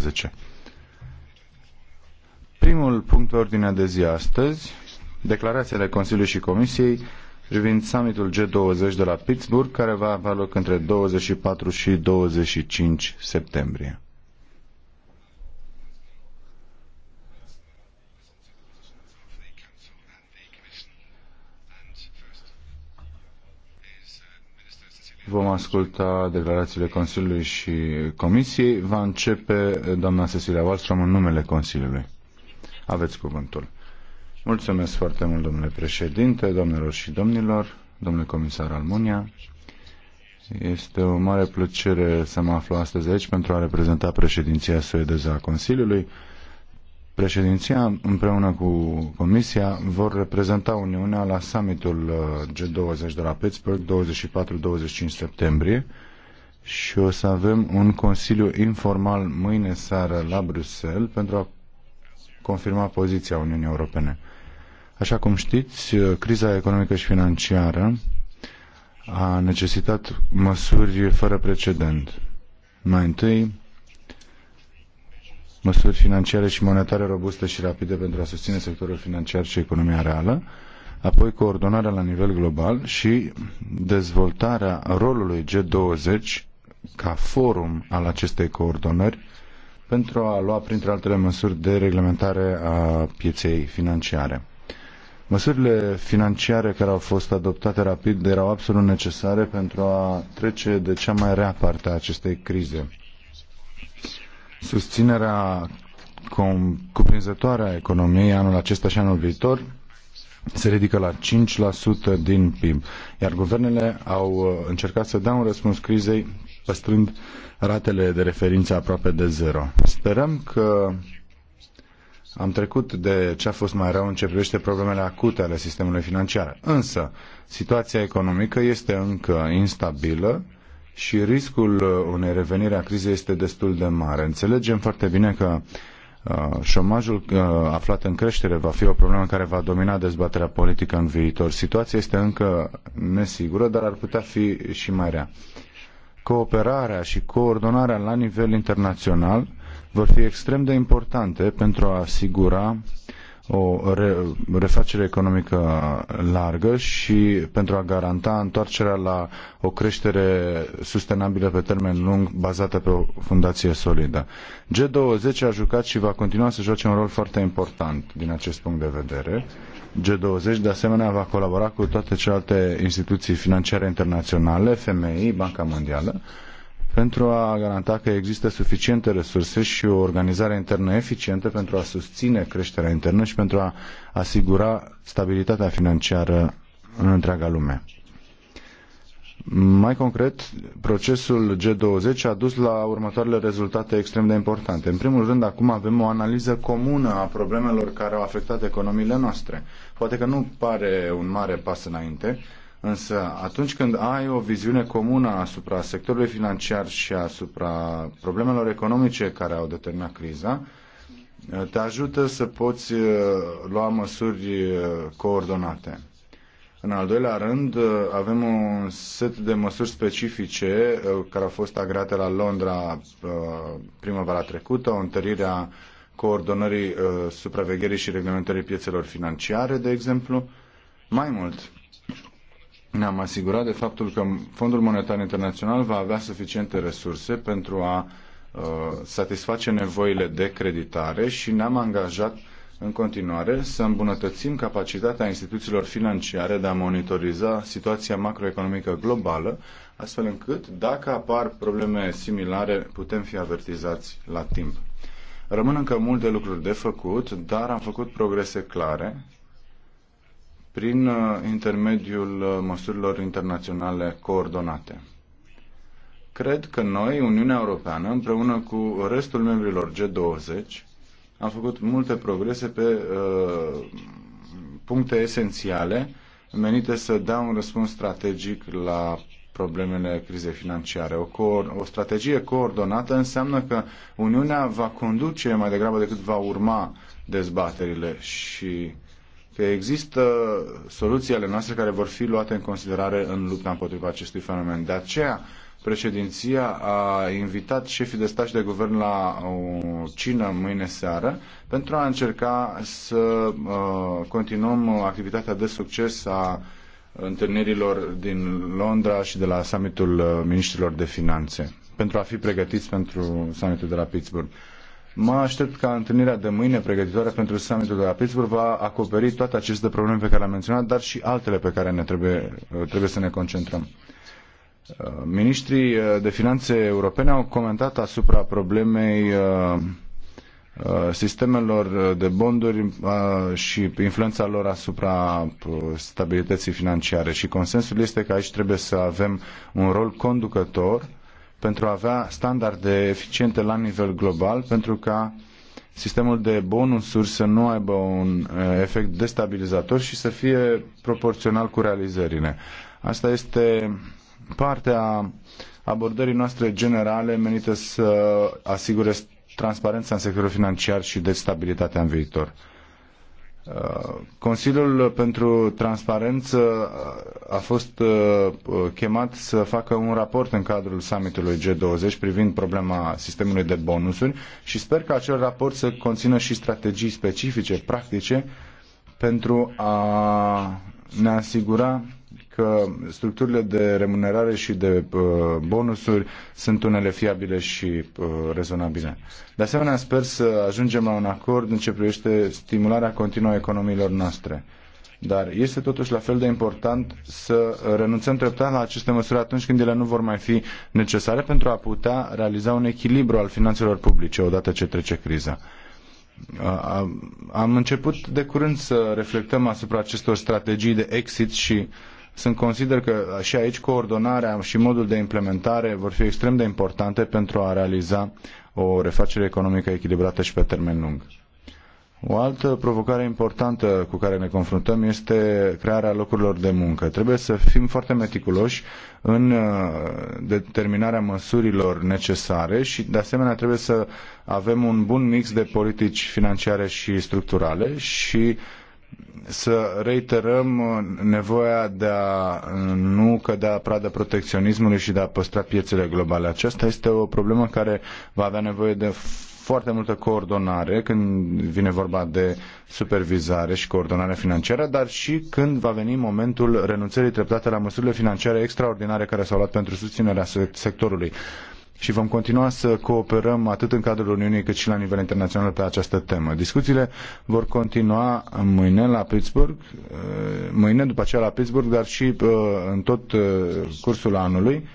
12. Primul punct pe ordinea de zi astăzi, declarațiile Consiliului și Comisiei privind summitul G20 de la Pittsburgh, care va avea loc între 24 și 25 septembrie. Vom asculta declarațiile Consiliului și Comisiei. Va începe eh, doamna Cecilia Wallström în numele Consiliului. Aveți cuvântul. Mulțumesc foarte mult, domnule președinte, domnilor și domnilor, domnule comisar Almunia. Este o mare plăcere să mă aflu astăzi aici pentru a reprezenta președinția suedeză a Consiliului. Președinția împreună cu Comisia vor reprezenta Uniunea la summitul uh, G20 de la Pittsburgh 24-25 septembrie și o să avem un consiliu informal mâine seară la Bruxelles pentru a confirma poziția Uniunii Europene. Așa cum știți, uh, criza economică și financiară a necesitat măsuri fără precedent. Mai întâi, măsuri financiare și monetare robuste și rapide pentru a susține sectorul financiar și economia reală, apoi coordonarea la nivel global și dezvoltarea rolului G20 ca forum al acestei coordonări pentru a lua, printre altele, măsuri de reglementare a pieței financiare. Măsurile financiare care au fost adoptate rapid erau absolut necesare pentru a trece de cea mai rea parte a acestei crize susținerea cuprinzătoare a economiei anul acesta și anul viitor se ridică la 5% din PIB, iar guvernele au uh, încercat să dea un răspuns crizei păstrând ratele de referință aproape de zero. Sperăm că am trecut de ce a fost mai rău în ce privește problemele acute ale sistemului financiar. Însă, situația economică este încă instabilă și riscul uh, unei reveniri a crizei este destul de mare. Înțelegem foarte bine că uh, șomajul uh, aflat în creștere va fi o problemă care va domina dezbaterea politică în viitor. Situația este încă nesigură, dar ar putea fi și mai rea. Cooperarea și coordonarea la nivel internațional vor fi extrem de importante pentru a asigura o re, refacere economică largă și pentru a garanta întoarcerea la o creștere sustenabilă pe termen lung bazată pe o fundație solidă. G20 a jucat și va continua să joace un rol foarte important din acest punct de vedere. G20 de asemenea va colabora cu toate celelalte instituții financiare internaționale, FMI, Banca Mondială, pentru a garanta că există suficiente resurse și o organizare internă eficientă pentru a susține creșterea internă și pentru a asigura stabilitatea financiară în întreaga lume. Mai concret, procesul G20 a dus la următoarele rezultate extrem de importante. În primul rând, acum avem o analiză comună a problemelor care au afectat economiile noastre. Poate că nu pare un mare pas înainte, Însă, atunci când ai o viziune comună asupra sectorului financiar și asupra problemelor economice care au determinat criza, te ajută să poți uh, lua măsuri uh, coordonate. În al doilea rând, uh, avem un set de măsuri specifice care au fost agrate la Londra primăvara trecută, o întărire a coordonării supravegherii și reglementării piețelor financiare, de exemplu. Mai mult, ne-am asigurat de faptul că Fondul Monetar Internațional va avea suficiente resurse pentru a uh, satisface nevoile de creditare și ne-am angajat în continuare să îmbunătățim capacitatea instituțiilor financiare de a monitoriza situația macroeconomică globală, astfel încât, dacă apar probleme similare, putem fi avertizați la timp. Rămân încă multe lucruri de făcut, dar am făcut progrese clare prin uh, intermediul uh, măsurilor internaționale coordonate. Cred că noi, Uniunea Europeană, împreună cu restul membrilor G20, am făcut multe progrese pe uh, puncte esențiale menite să dea un răspuns strategic la problemele crizei financiare. O, co- o strategie coordonată înseamnă că Uniunea va conduce mai degrabă decât va urma dezbaterile și că există soluții ale noastre care vor fi luate în considerare în lupta împotriva acestui fenomen. De aceea, președinția a invitat șefii de stat și de guvern la o cină mâine seară pentru a încerca să uh, continuăm activitatea de succes a întâlnirilor din Londra și de la summitul uh, ministrilor de finanțe pentru a fi pregătiți pentru summitul de la Pittsburgh. Mă aștept ca întâlnirea de mâine pregătitoare pentru summitul de la Pittsburgh va acoperi toate aceste probleme pe care le-am menționat, dar și altele pe care ne trebuie, trebuie să ne concentrăm. Uh, ministrii uh, de finanțe europene au comentat asupra problemei uh, sistemelor de bonduri și influența lor asupra stabilității financiare și consensul este că aici trebuie să avem un rol conducător pentru a avea standarde eficiente la nivel global, pentru ca sistemul de bonusuri să nu aibă un eh, efect destabilizator și să fie proporțional cu realizările. Asta este partea abordării noastre generale menită să asigure transparența în sectorul financiar și de stabilitatea în viitor. Consiliul pentru Transparență a fost uh, chemat să facă un raport în cadrul summitului G20 privind problema sistemului de bonusuri și sper că acel raport să conțină și strategii specifice, practice, pentru a ne asigura că structurile de remunerare și de uh, bonusuri sunt unele fiabile și uh, rezonabile. De asemenea, sper să ajungem la un acord în ce privește stimularea continuă a economiilor noastre. Dar este totuși la fel de important să renunțăm treptat la aceste măsuri atunci când ele nu vor mai fi necesare pentru a putea realiza un echilibru al finanțelor publice odată ce trece criza. Am început de curând să reflectăm asupra acestor strategii de exit și sunt consider că și aici coordonarea și modul de implementare vor fi extrem de importante pentru a realiza o refacere economică echilibrată și pe termen lung. O altă provocare importantă cu care ne confruntăm este crearea locurilor de muncă. Trebuie să fim foarte meticuloși în uh, determinarea măsurilor necesare și, de asemenea, trebuie să avem un bun mix de politici financiare și structurale și să reiterăm uh, nevoia de a uh, nu cădea pradă protecționismului și de a păstra piețele globale. Aceasta este o problemă care va avea nevoie de foarte multă coordonare când vine vorba de supervizare și coordonare financiară, dar și când va veni momentul renunțării treptate la măsurile financiare extraordinare care s-au luat pentru susținerea sectorului și vom continua să cooperăm atât în cadrul Uniunii cât și la nivel internațional pe această temă. Discuțiile vor continua mâine la Pittsburgh, uh, mâine după aceea la Pittsburgh, dar și uh, în tot uh, cursul anului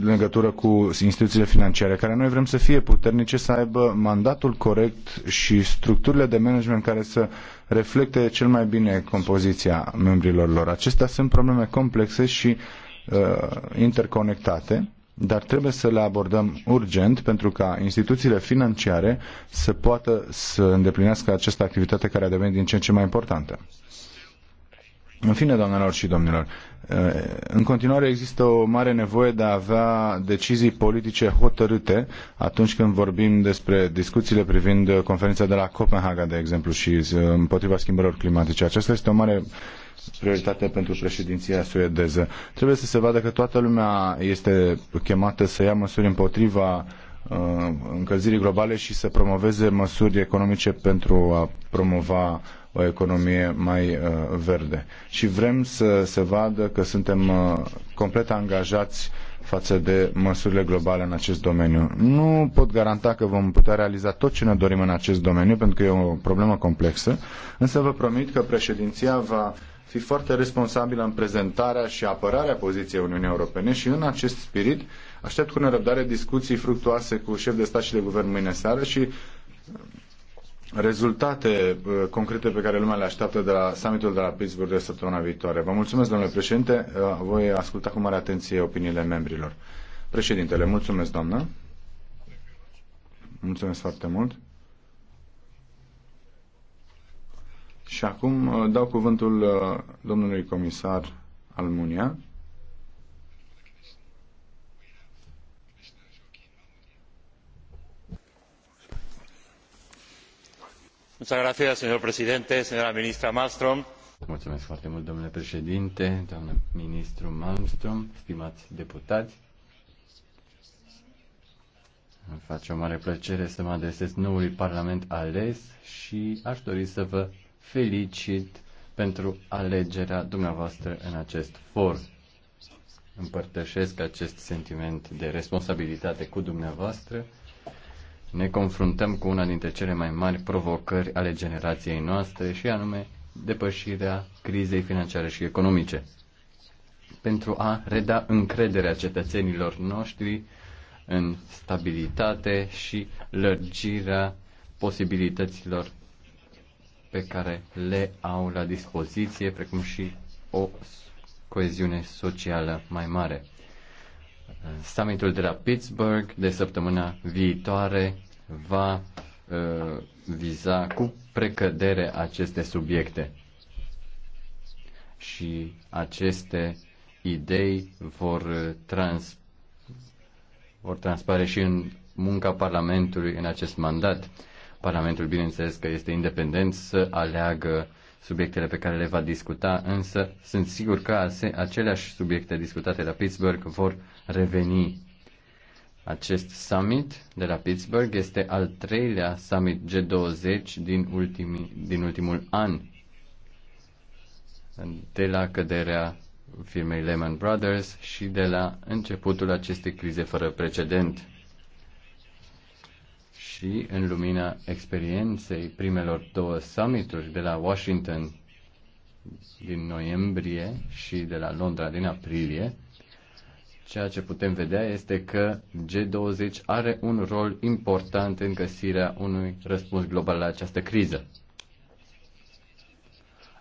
în legătură cu instituțiile financiare, care noi vrem să fie puternice, să aibă mandatul corect și structurile de management care să reflecte cel mai bine compoziția membrilor lor. Acestea sunt probleme complexe și uh, interconectate dar trebuie să le abordăm urgent pentru ca instituțiile financiare să poată să îndeplinească această activitate care a devenit din ce în ce mai importantă. În fine, doamnelor și domnilor, în continuare există o mare nevoie de a avea decizii politice hotărâte atunci când vorbim despre discuțiile privind conferința de la Copenhaga, de exemplu, și împotriva schimbărilor climatice. Aceasta este o mare prioritate pentru președinția suedeză. Trebuie să se vadă că toată lumea este chemată să ia măsuri împotriva uh, încălzirii globale și să promoveze măsuri economice pentru a promova o economie mai uh, verde. Și vrem să se vadă că suntem uh, complet angajați față de măsurile globale în acest domeniu. Nu pot garanta că vom putea realiza tot ce ne dorim în acest domeniu, pentru că e o problemă complexă, însă vă promit că președinția va fi foarte responsabilă în prezentarea și apărarea poziției Uniunii Europene și în acest spirit aștept cu nerăbdare discuții fructuoase cu șef de stat și de guvern mâine seară și uh, rezultate uh, concrete pe care lumea le așteaptă de la summitul de la Pittsburgh de săptămâna viitoare. Vă mulțumesc, domnule președinte. Uh, voi asculta cu mare atenție opiniile membrilor. Președintele, mulțumesc, doamnă. Mulțumesc foarte mult. Și acum uh, dau cuvântul uh, domnului comisar Almunia. señor presidente señora ministra malmstrm mulțumesc foarte mult domnule președinte doamnă ministru Malmström, stimați deputați îmi face o mare plăcere să mă adresez noului parlament ales și aș dori să vă felicit pentru alegerea dumneavoastră în acest for. Împărtășesc acest sentiment de responsabilitate cu dumneavoastră. Ne confruntăm cu una dintre cele mai mari provocări ale generației noastre și anume depășirea crizei financiare și economice. Pentru a reda încrederea cetățenilor noștri în stabilitate și lărgirea posibilităților pe care le au la dispoziție, precum și o coeziune socială mai mare. Summitul de la Pittsburgh de săptămâna viitoare va uh, viza cu precădere aceste subiecte și aceste idei vor, uh, trans, vor transpare și în munca Parlamentului în acest mandat. Parlamentul, bineînțeles, că este independent să aleagă subiectele pe care le va discuta, însă sunt sigur că aceleași subiecte discutate la Pittsburgh vor reveni. Acest summit de la Pittsburgh este al treilea summit G20 din, ultimii, din ultimul an, de la căderea firmei Lehman Brothers și de la începutul acestei crize fără precedent și în lumina experienței primelor două summituri de la Washington din noiembrie și de la Londra din aprilie, ceea ce putem vedea este că G20 are un rol important în găsirea unui răspuns global la această criză.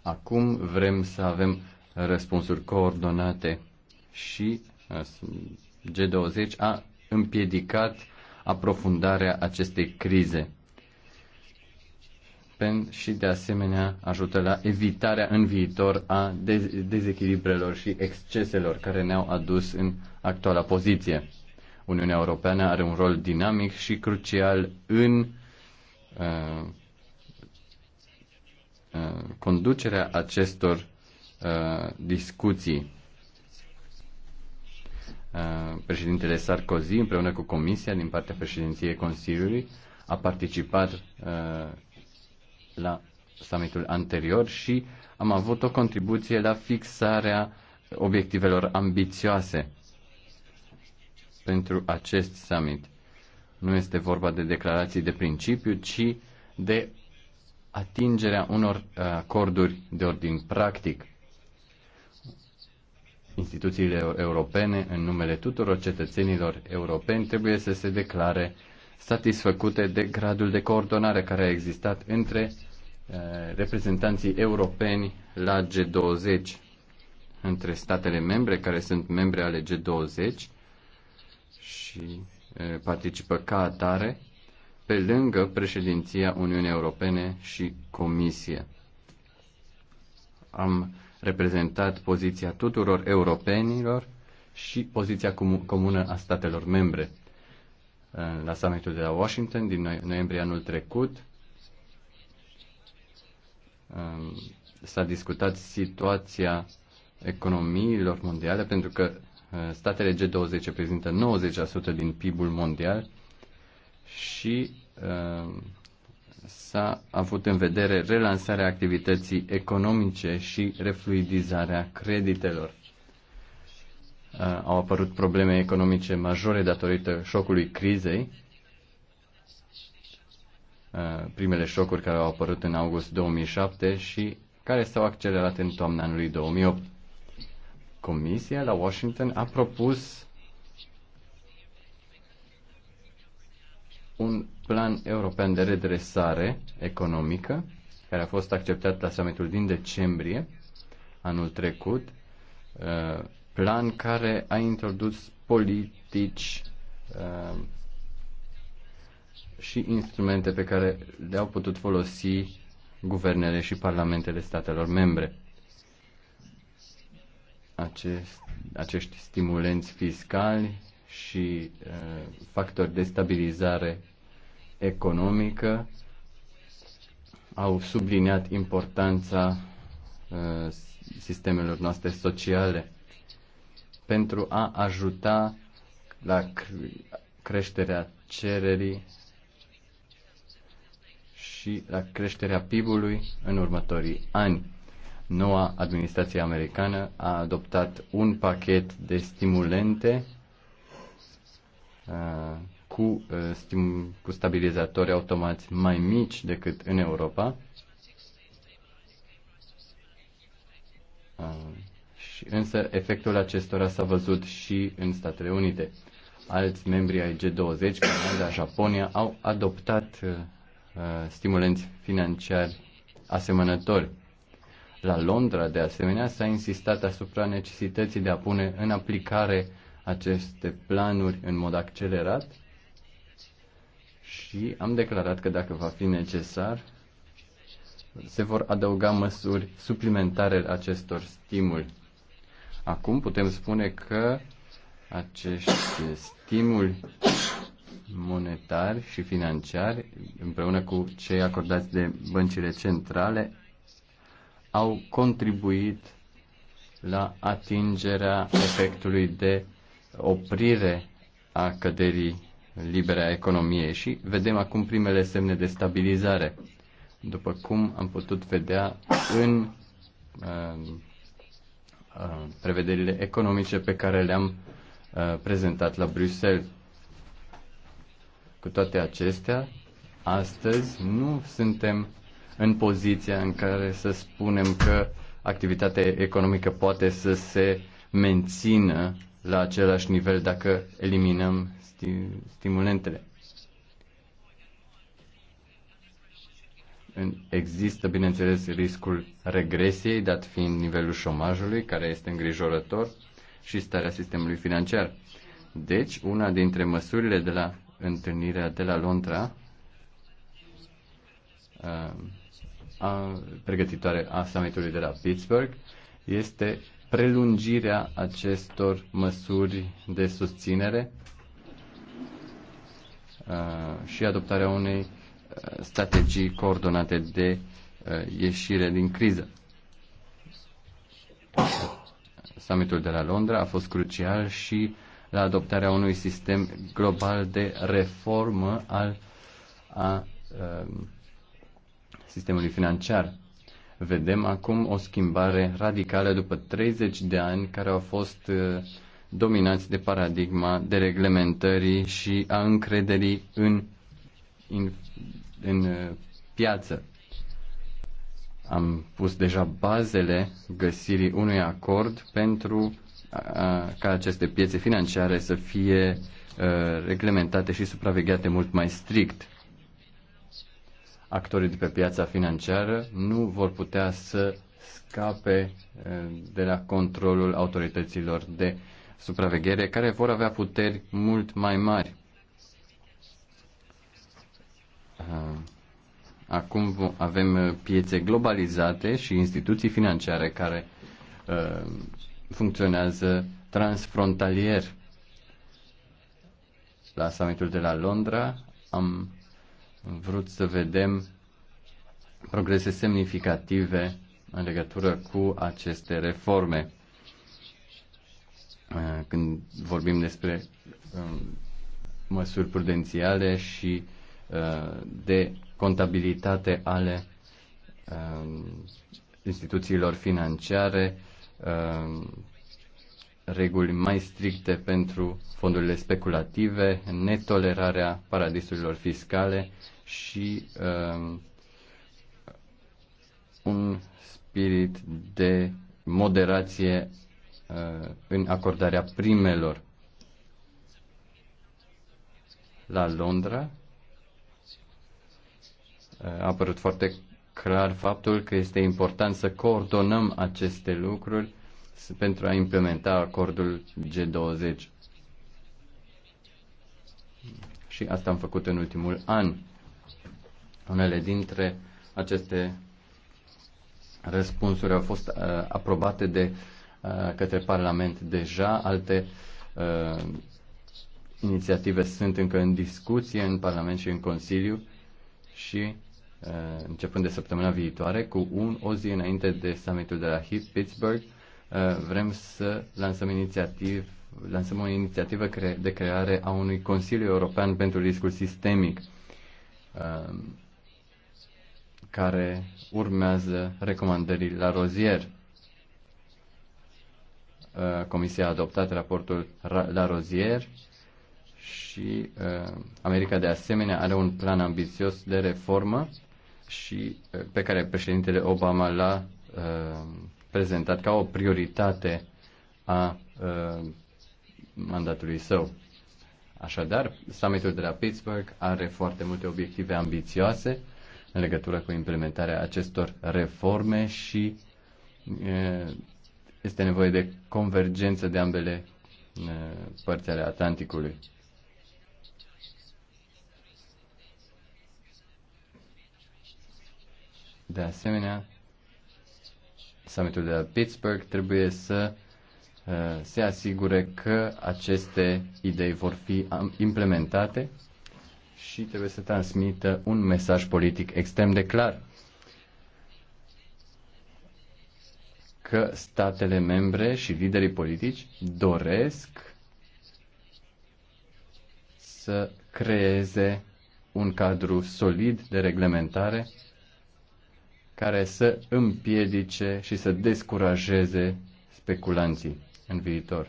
Acum vrem să avem răspunsuri coordonate și uh, G20 a împiedicat aprofundarea acestei crize și de asemenea ajută la evitarea în viitor a dezechilibrelor și exceselor care ne-au adus în actuala poziție. Uniunea Europeană are un rol dinamic și crucial în uh, uh, conducerea acestor uh, discuții Uh, președintele Sarkozy împreună cu Comisia din partea președinției Consiliului a participat uh, la summitul anterior și am avut o contribuție la fixarea obiectivelor ambițioase pentru acest summit. Nu este vorba de declarații de principiu, ci de atingerea unor uh, acorduri de ordin practic instituțiile europene, în numele tuturor cetățenilor europeni, trebuie să se declare satisfăcute de gradul de coordonare care a existat între eh, reprezentanții europeni la G20 între statele membre care sunt membre ale G20 și eh, participă ca atare pe lângă președinția Uniunii Europene și Comisie. Am reprezentat poziția tuturor europenilor și poziția comună a statelor membre. Uh, la summitul de la Washington din noiembrie anul trecut um, s-a discutat situația economiilor mondiale pentru că uh, statele G20 reprezintă 90% din PIB-ul mondial și uh, s-a avut în vedere relansarea activității economice și refluidizarea creditelor. Au apărut probleme economice majore datorită șocului crizei, primele șocuri care au apărut în august 2007 și care s-au accelerat în toamna anului 2008. Comisia la Washington a propus un plan european de redresare economică, care a fost acceptat la summitul din decembrie anul trecut, uh, plan care a introdus politici uh, și instrumente pe care le-au putut folosi guvernele și parlamentele statelor membre. Acest, acești stimulenți fiscali și uh, factori de stabilizare economică au subliniat importanța uh, sistemelor noastre sociale pentru a ajuta la creșterea cererii și la creșterea PIB-ului în următorii ani. Noua administrație americană a adoptat un pachet de stimulente Uh, cu, uh, stim, cu stabilizatori automați mai mici decât în Europa. Uh, și, însă efectul acestora s-a văzut și în Statele Unite. Alți membri ai G20, Canada, Japonia, au adoptat uh, stimulenți financiari asemănători. La Londra, de asemenea, s-a insistat asupra necesității de a pune în aplicare uh, aceste planuri în mod accelerat și am declarat că dacă va fi necesar, se vor adăuga măsuri suplimentare acestor stimuli. Acum putem spune că acești stimuli monetari și financiari, împreună cu cei acordați de băncile centrale, au contribuit la atingerea efectului de oprire a căderii libere a economiei și vedem acum primele semne de stabilizare. După cum am putut vedea în uh, uh, prevederile economice pe care le-am uh, prezentat la Bruxelles. Cu toate acestea, astăzi nu suntem în poziția în care să spunem că activitatea economică poate să se mențină la același nivel dacă eliminăm stimulentele. Există, bineînțeles, riscul regresiei, dat fiind nivelul șomajului, care este îngrijorător, și starea sistemului financiar. Deci, una dintre măsurile de la întâlnirea de la Londra, a, uh, a, pregătitoare a summitului de la Pittsburgh, este prelungirea acestor măsuri de susținere uh, și adoptarea unei uh, strategii coordonate de uh, ieșire din criză. Summitul de la Londra a fost crucial și la adoptarea unui sistem global de reformă al a, a, sistemului financiar. Vedem acum o schimbare radicală după 30 de ani care au fost uh, dominați de paradigma de reglementării și a încrederii în, în, în uh, piață. Am pus deja bazele găsirii unui acord pentru ca aceste piețe financiare să fie uh, reglementate și supravegheate mult mai strict actorii de pe piața financiară nu vor putea să scape eh, de la controlul autorităților de supraveghere, care vor avea puteri mult mai mari. Eh, acum avem eh, piețe globalizate și instituții financiare care funcționează transfrontalier. La summitul de la Londra am vrut să vedem progrese semnificative în legătură cu aceste reforme. Uh, când vorbim despre um, măsuri prudențiale și uh, de contabilitate ale um, instituțiilor financiare, um, reguli mai stricte pentru fondurile speculative, netolerarea paradisurilor fiscale și uh, un spirit de moderație uh, în acordarea primelor. La Londra uh, a apărut foarte clar faptul că este important să coordonăm aceste lucruri pentru a implementa acordul G20. Și asta am făcut în ultimul an. Unele dintre aceste răspunsuri au fost uh, aprobate de uh, către Parlament deja, alte uh, inițiative sunt încă în discuție în Parlament și în Consiliu și uh, începând de săptămâna viitoare, cu un, o zi înainte de summitul de la Pittsburgh, uh, vrem să lansăm inițiativ, lansăm o inițiativă de creare a unui Consiliu European pentru Riscul Sistemic. Uh, care urmează recomandările la rozier. Uh, Comisia a adoptat raportul la rozier și uh, America de asemenea are un plan ambițios de reformă și uh, pe care președintele Obama l-a prezentat ca o prioritate a mandatului său. Așadar, summitul de la Pittsburgh are foarte multe obiective ambițioase în legătură cu implementarea acestor reforme și este nevoie de convergență de ambele părți ale Atlanticului. De asemenea, summitul de la Pittsburgh trebuie să se asigure că aceste idei vor fi implementate și trebuie să transmită un mesaj politic extrem de clar că statele membre și liderii politici doresc să creeze un cadru solid de reglementare care să împiedice și să descurajeze speculanții în viitor.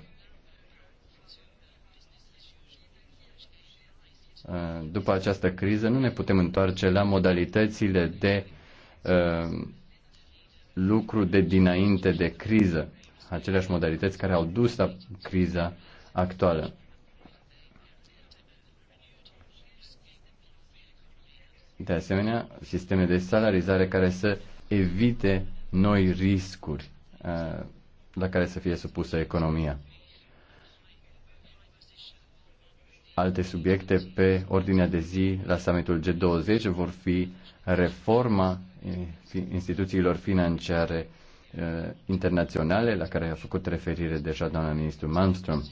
Uh, după această criză nu ne putem întoarce la modalitățile de uh, lucru de dinainte de criză, aceleași modalități care au dus la criza actuală. De asemenea, sisteme de salarizare care să evite noi riscuri uh, la care să fie supusă economia. Alte subiecte pe ordinea de zi la summitul G20 vor fi reforma eh, instituțiilor financiare eh, internaționale, la care a făcut referire deja doamna ministru Malmström.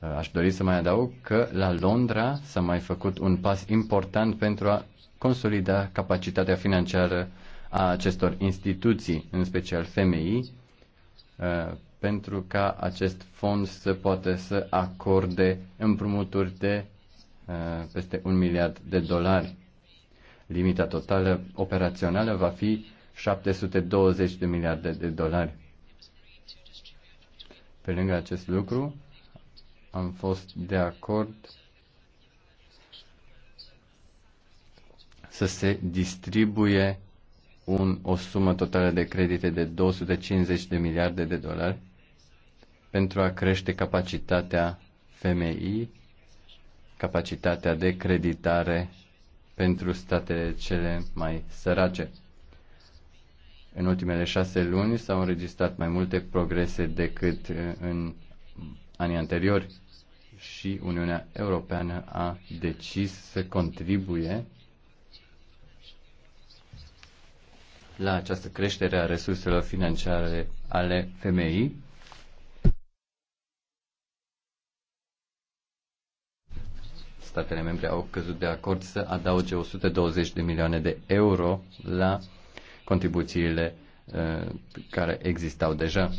Eh, aș dori să mai adaug că la Londra s-a mai făcut un pas important pentru a consolida capacitatea financiară a acestor instituții, în special FMI, pentru ca acest fond să poată să acorde împrumuturi de uh, peste un miliard de dolari. Limita totală operațională va fi 720 de miliarde de dolari. Pe lângă acest lucru, am fost de acord să se distribuie un, o sumă totală de credite de 250 de miliarde de dolari pentru a crește capacitatea FMI, capacitatea de creditare pentru statele cele mai sărace. În ultimele șase luni s-au înregistrat mai multe progrese decât uh, în anii anteriori și Uniunea Europeană a decis să contribuie la această creștere a resurselor financiare ale femeii statele membre au căzut de acord să adauge 120 de milioane de euro la contribuțiile uh, care existau deja.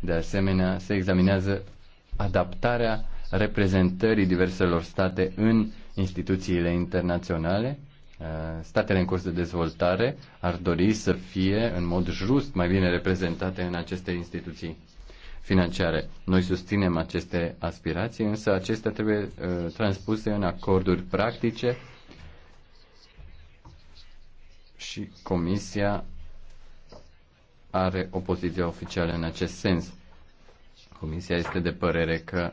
De asemenea, se examinează adaptarea reprezentării diverselor state în instituțiile internaționale. Uh, statele în curs de dezvoltare ar dori să fie în mod just mai bine reprezentate în aceste instituții financiare. Noi susținem aceste aspirații, însă acestea trebuie uh, transpuse în acorduri practice și Comisia are o poziție oficială în acest sens. Comisia este de părere că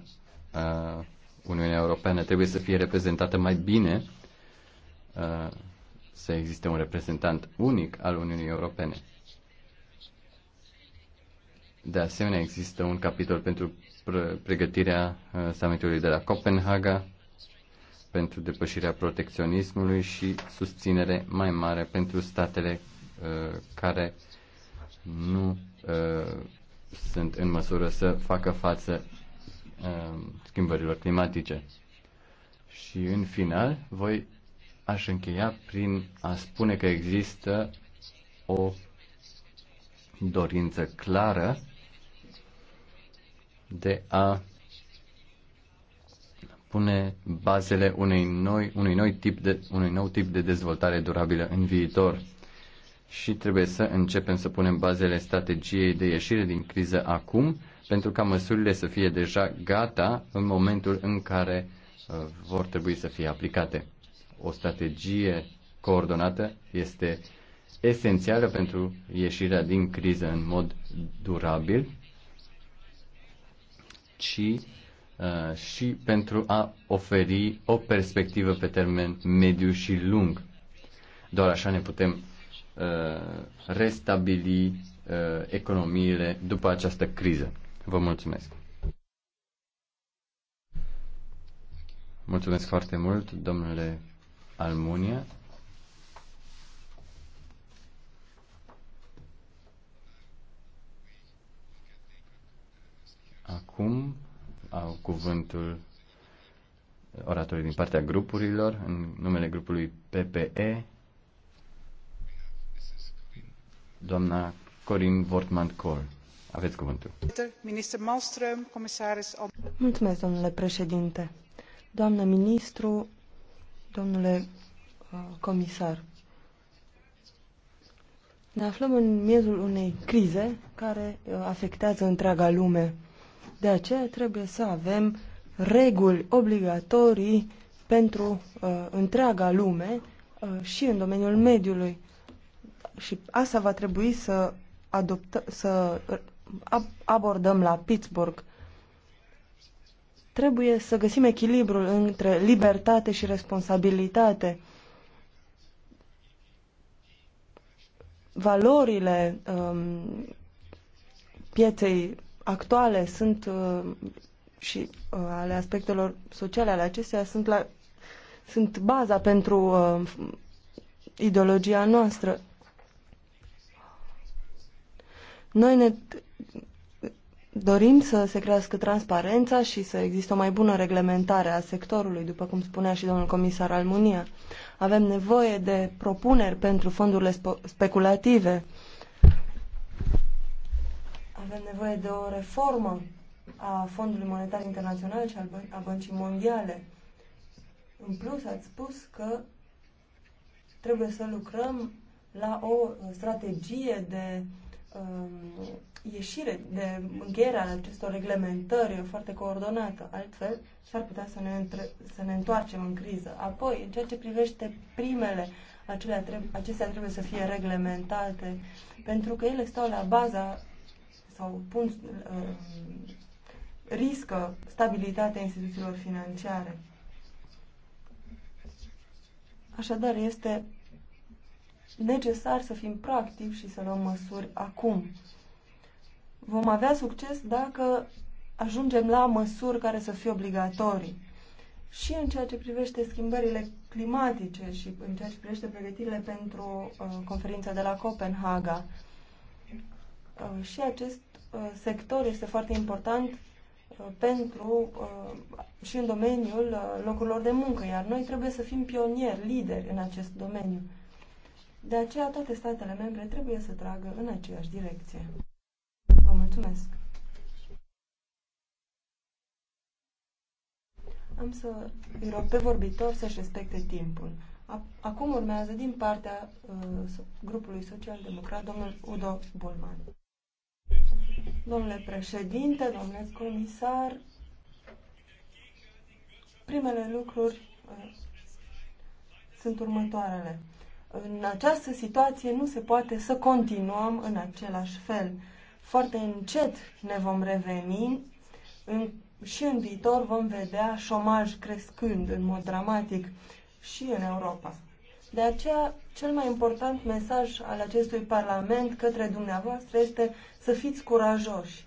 uh, Uniunea Europeană trebuie să fie reprezentată mai bine, uh, să existe un reprezentant unic al Uniunii Europene. De asemenea, există un capitol pentru pregătirea uh, summitului de la Copenhaga, pentru depășirea protecționismului și susținere mai mare pentru statele uh, care nu uh, sunt în măsură să facă față uh, schimbărilor climatice. Și în final, voi aș încheia prin a spune că există o dorință clară de a pune bazele unei noi, unui, noi tip de, unui nou tip de dezvoltare durabilă în viitor. Și trebuie să începem să punem bazele strategiei de ieșire din criză acum, pentru ca măsurile să fie deja gata în momentul în care uh, vor trebui să fie aplicate. O strategie coordonată este esențială pentru ieșirea din criză în mod durabil ci uh, și pentru a oferi o perspectivă pe termen mediu și lung. Doar așa ne putem uh, restabili uh, economiile după această criză. Vă mulțumesc! Mulțumesc foarte mult, domnule Almunia. Acum au cuvântul oratorii din partea grupurilor, în numele grupului PPE, doamna Corin Wortmann-Kohl. Aveți cuvântul. Minister Malmström, comisaris... Mulțumesc, domnule președinte. Doamnă ministru, domnule uh, comisar. Ne aflăm în miezul unei crize care uh, afectează întreaga lume. De aceea trebuie să avem reguli obligatorii pentru uh, întreaga lume uh, și în domeniul mediului. Și asta va trebui să, adoptă, să uh, abordăm la Pittsburgh. Trebuie să găsim echilibrul între libertate și responsabilitate. Valorile um, pieței actuale sunt uh, și uh, ale aspectelor sociale ale acestea sunt, la, sunt baza pentru uh, ideologia noastră. Noi ne dorim să se crească transparența și să existe o mai bună reglementare a sectorului, după cum spunea și domnul comisar Almunia. Avem nevoie de propuneri pentru fondurile speculative avem nevoie de o reformă a Fondului Monetar Internațional și a Băncii Mondiale. În plus, ați spus că trebuie să lucrăm la o uh, strategie de um, ieșire, de încheiere a acestor reglementări foarte coordonată. Altfel, s-ar putea să ne, între, să ne întoarcem în criză. Apoi, în ceea ce privește primele, acelea acestea trebuie să fie reglementate, pentru că ele stau la baza sau pun, uh, riscă stabilitatea instituțiilor financiare. Așadar, este necesar să fim practici și să luăm măsuri acum. Vom avea succes dacă ajungem la măsuri care să fie obligatorii. Și în ceea ce privește schimbările climatice și în ceea ce privește pregătirile pentru uh, conferința de la Copenhaga, uh, Uh, și acest uh, sector este foarte important uh, pentru și în domeniul locurilor de muncă, iar noi trebuie să fim pionieri, lideri în acest domeniu. De aceea toate statele membre trebuie să tragă în aceeași direcție. Vă mulțumesc! Am să îi rog pe vorbitor să-și respecte timpul. Acum urmează din partea uh, grupului social-democrat domnul Udo Bolman. Domnule președinte, domnule comisar, primele lucruri uh, sunt următoarele. În această situație nu se poate să continuăm în același fel. Foarte încet ne vom reveni în, și în viitor vom vedea șomaj crescând în mod dramatic și în Europa. De aceea, cel mai important mesaj al acestui Parlament către dumneavoastră este să fiți curajoși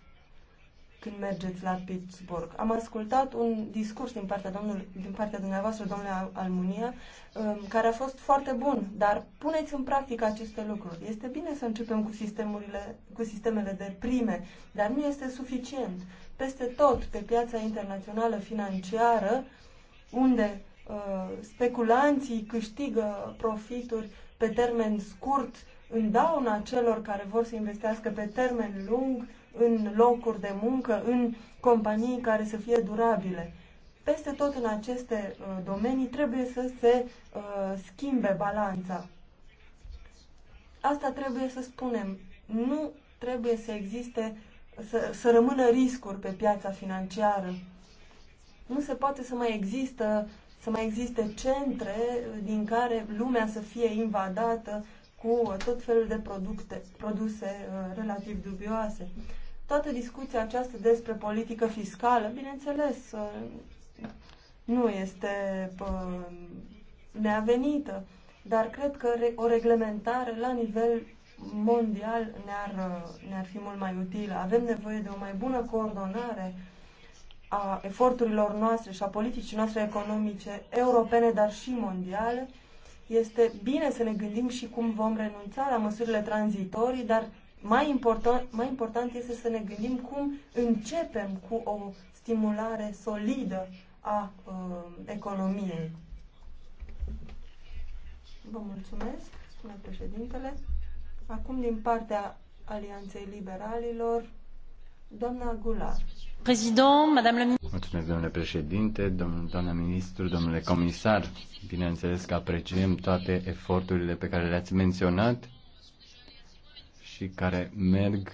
când mergeți la Pittsburgh. Am ascultat un discurs din partea, domnului, din partea dumneavoastră, domnule Almunia, um, care a fost foarte bun, dar puneți în practică aceste lucruri. Este bine să începem cu, sistemurile, cu sistemele de prime, dar nu este suficient. Peste tot, pe piața internațională financiară, unde Uh, speculanții câștigă profituri pe termen scurt în dauna celor care vor să investească pe termen lung în locuri de muncă, în companii care să fie durabile. Peste tot în aceste uh, domenii trebuie să se uh, schimbe balanța. Asta trebuie să spunem. Nu trebuie să existe, să, să rămână riscuri pe piața financiară. Nu se poate să mai există să mai existe centre din care lumea să fie invadată cu tot felul de producte, produse uh, relativ dubioase. Toată discuția aceasta despre politică fiscală, bineînțeles, uh, nu este uh, neavenită, dar cred că o reglementare la nivel mondial ne-ar, ne-ar fi mult mai utilă. Avem nevoie de o mai bună coordonare a eforturilor noastre și a politicii noastre economice europene, dar și mondiale, este bine să ne gândim și cum vom renunța la măsurile tranzitorii, dar mai important, mai important este să ne gândim cum începem cu o stimulare solidă a uh, economiei. Vă mulțumesc, spune președintele. Acum, din partea Alianței Liberalilor, doamna Gular domnule președinte, doamnă ministru, domnule comisar. Bineînțeles că apreciem toate eforturile pe care le-ați menționat și care merg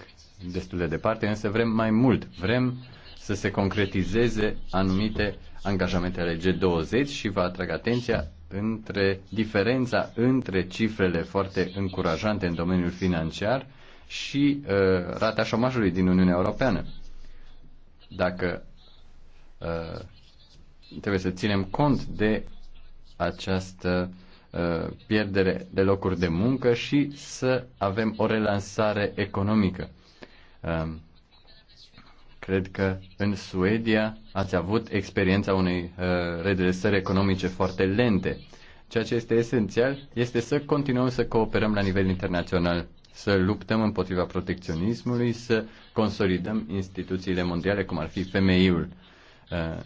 destul de departe, însă vrem mai mult. Vrem să se concretizeze anumite angajamente ale G20 și vă atrag atenția între diferența între cifrele foarte încurajante în domeniul financiar și uh, rata șomajului din Uniunea Europeană dacă uh, trebuie să ținem cont de această uh, pierdere de locuri de muncă și să avem o relansare economică. Uh, cred că în Suedia ați avut experiența unei uh, redresări economice foarte lente. Ceea ce este esențial este să continuăm să cooperăm la nivel internațional să luptăm împotriva protecționismului, să consolidăm instituțiile mondiale, cum ar fi femeiul. Uh,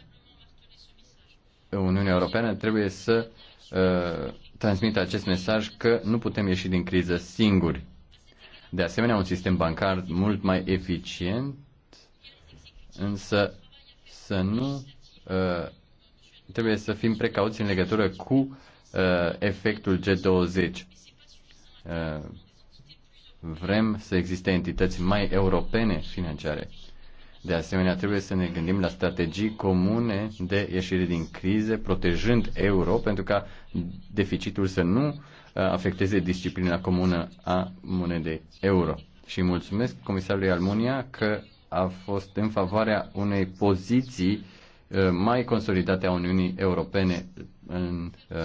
Uniunea Europeană trebuie să uh, transmită acest mesaj că nu putem ieși din criză singuri. De asemenea, un sistem bancar mult mai eficient, însă să nu uh, trebuie să fim precauți în legătură cu efectul G20 Vrem să existe entități mai europene financiare. De asemenea, trebuie să ne gândim la strategii comune de ieșire din crize, protejând euro, pentru ca deficitul să nu uh, afecteze disciplina comună a monedei euro. Și mulțumesc comisarului Almunia că a fost în favoarea unei poziții uh, mai consolidate a Uniunii Europene în uh,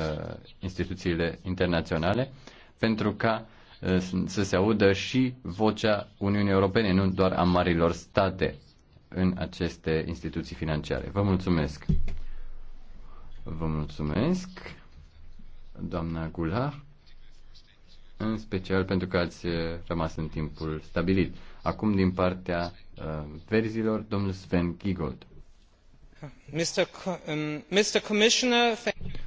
instituțiile internaționale, pentru ca Uh, să se audă și vocea Uniunii Europene, nu doar a marilor state în aceste instituții financiare. Vă mulțumesc! Vă mulțumesc, doamna Gular, în special pentru că ați uh, rămas în timpul stabilit. Acum, din partea uh, verzilor, domnul Sven Giegold. Mr. Co- um, Mr. Commissioner, thank-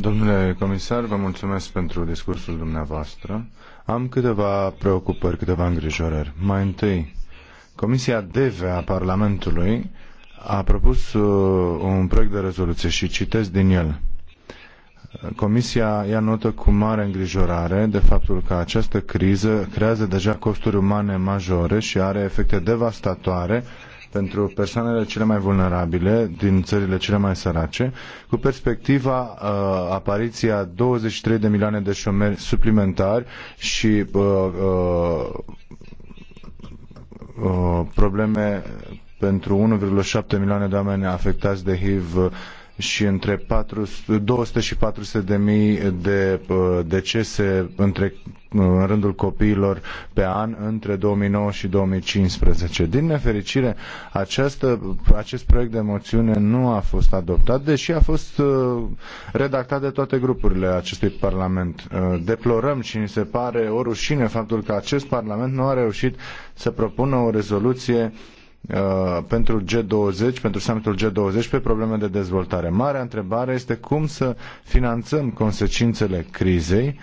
Domnule comisar, vă mulțumesc pentru discursul dumneavoastră. Am câteva preocupări, câteva îngrijorări. Mai întâi, Comisia DEVE a Parlamentului a propus uh, un proiect de rezoluție și citesc din el. Comisia ia notă cu mare îngrijorare de faptul că această criză creează deja costuri umane majore și are efecte devastatoare pentru persoanele cele mai vulnerabile din țările cele mai sărace, cu perspectiva uh, apariția 23 de milioane de șomeri suplimentari și uh, uh, uh probleme pentru 1,7 milioane de oameni afectați de HIV și între 400, 200 și 400 de mii de uh, decese între, uh, în rândul copiilor pe an între 2009 și 2015. Din nefericire, această, acest proiect de moțiune nu a fost adoptat, deși a fost uh, redactat de toate grupurile acestui Parlament. Deplorăm și ni se pare o rușine faptul că acest Parlament nu a reușit să propună o rezoluție Uh, pentru G20, pentru summitul G20 pe probleme de dezvoltare. Marea întrebare este cum să finanțăm consecințele crizei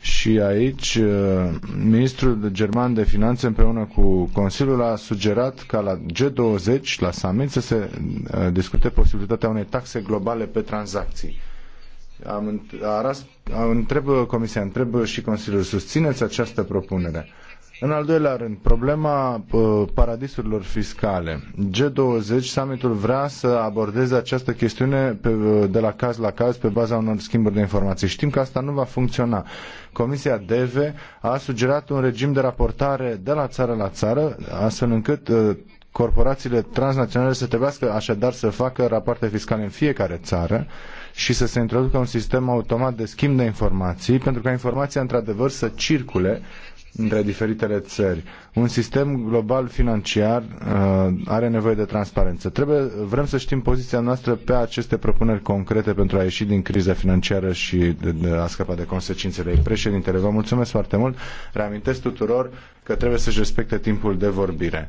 și aici uh, ministrul german de finanțe împreună cu Consiliul a sugerat ca la G20, la summit, să se uh, discute posibilitatea unei taxe globale pe tranzacții. Am, aras, am, întreb Comisia, întreb și Consiliul, susțineți această propunere? În al doilea rând, problema uh, paradisurilor fiscale. G20, summitul vrea să abordeze această chestiune pe, uh, de la caz la caz pe baza unor schimburi de informații. Știm că asta nu va funcționa. Comisia DEVE a sugerat un regim de raportare de la țară la țară, astfel încât uh, corporațiile transnaționale să trebuiască așadar să facă rapoarte fiscale în fiecare țară și să se introducă un sistem automat de schimb de informații pentru ca informația într-adevăr să circule între diferitele țări. Un sistem global financiar uh, are nevoie de transparență. Trebuie, vrem să știm poziția noastră pe aceste propuneri concrete pentru a ieși din criza financiară și de, de a scăpa de consecințele ei. Președintele, vă mulțumesc foarte mult. Reamintesc tuturor că trebuie să-și respecte timpul de vorbire.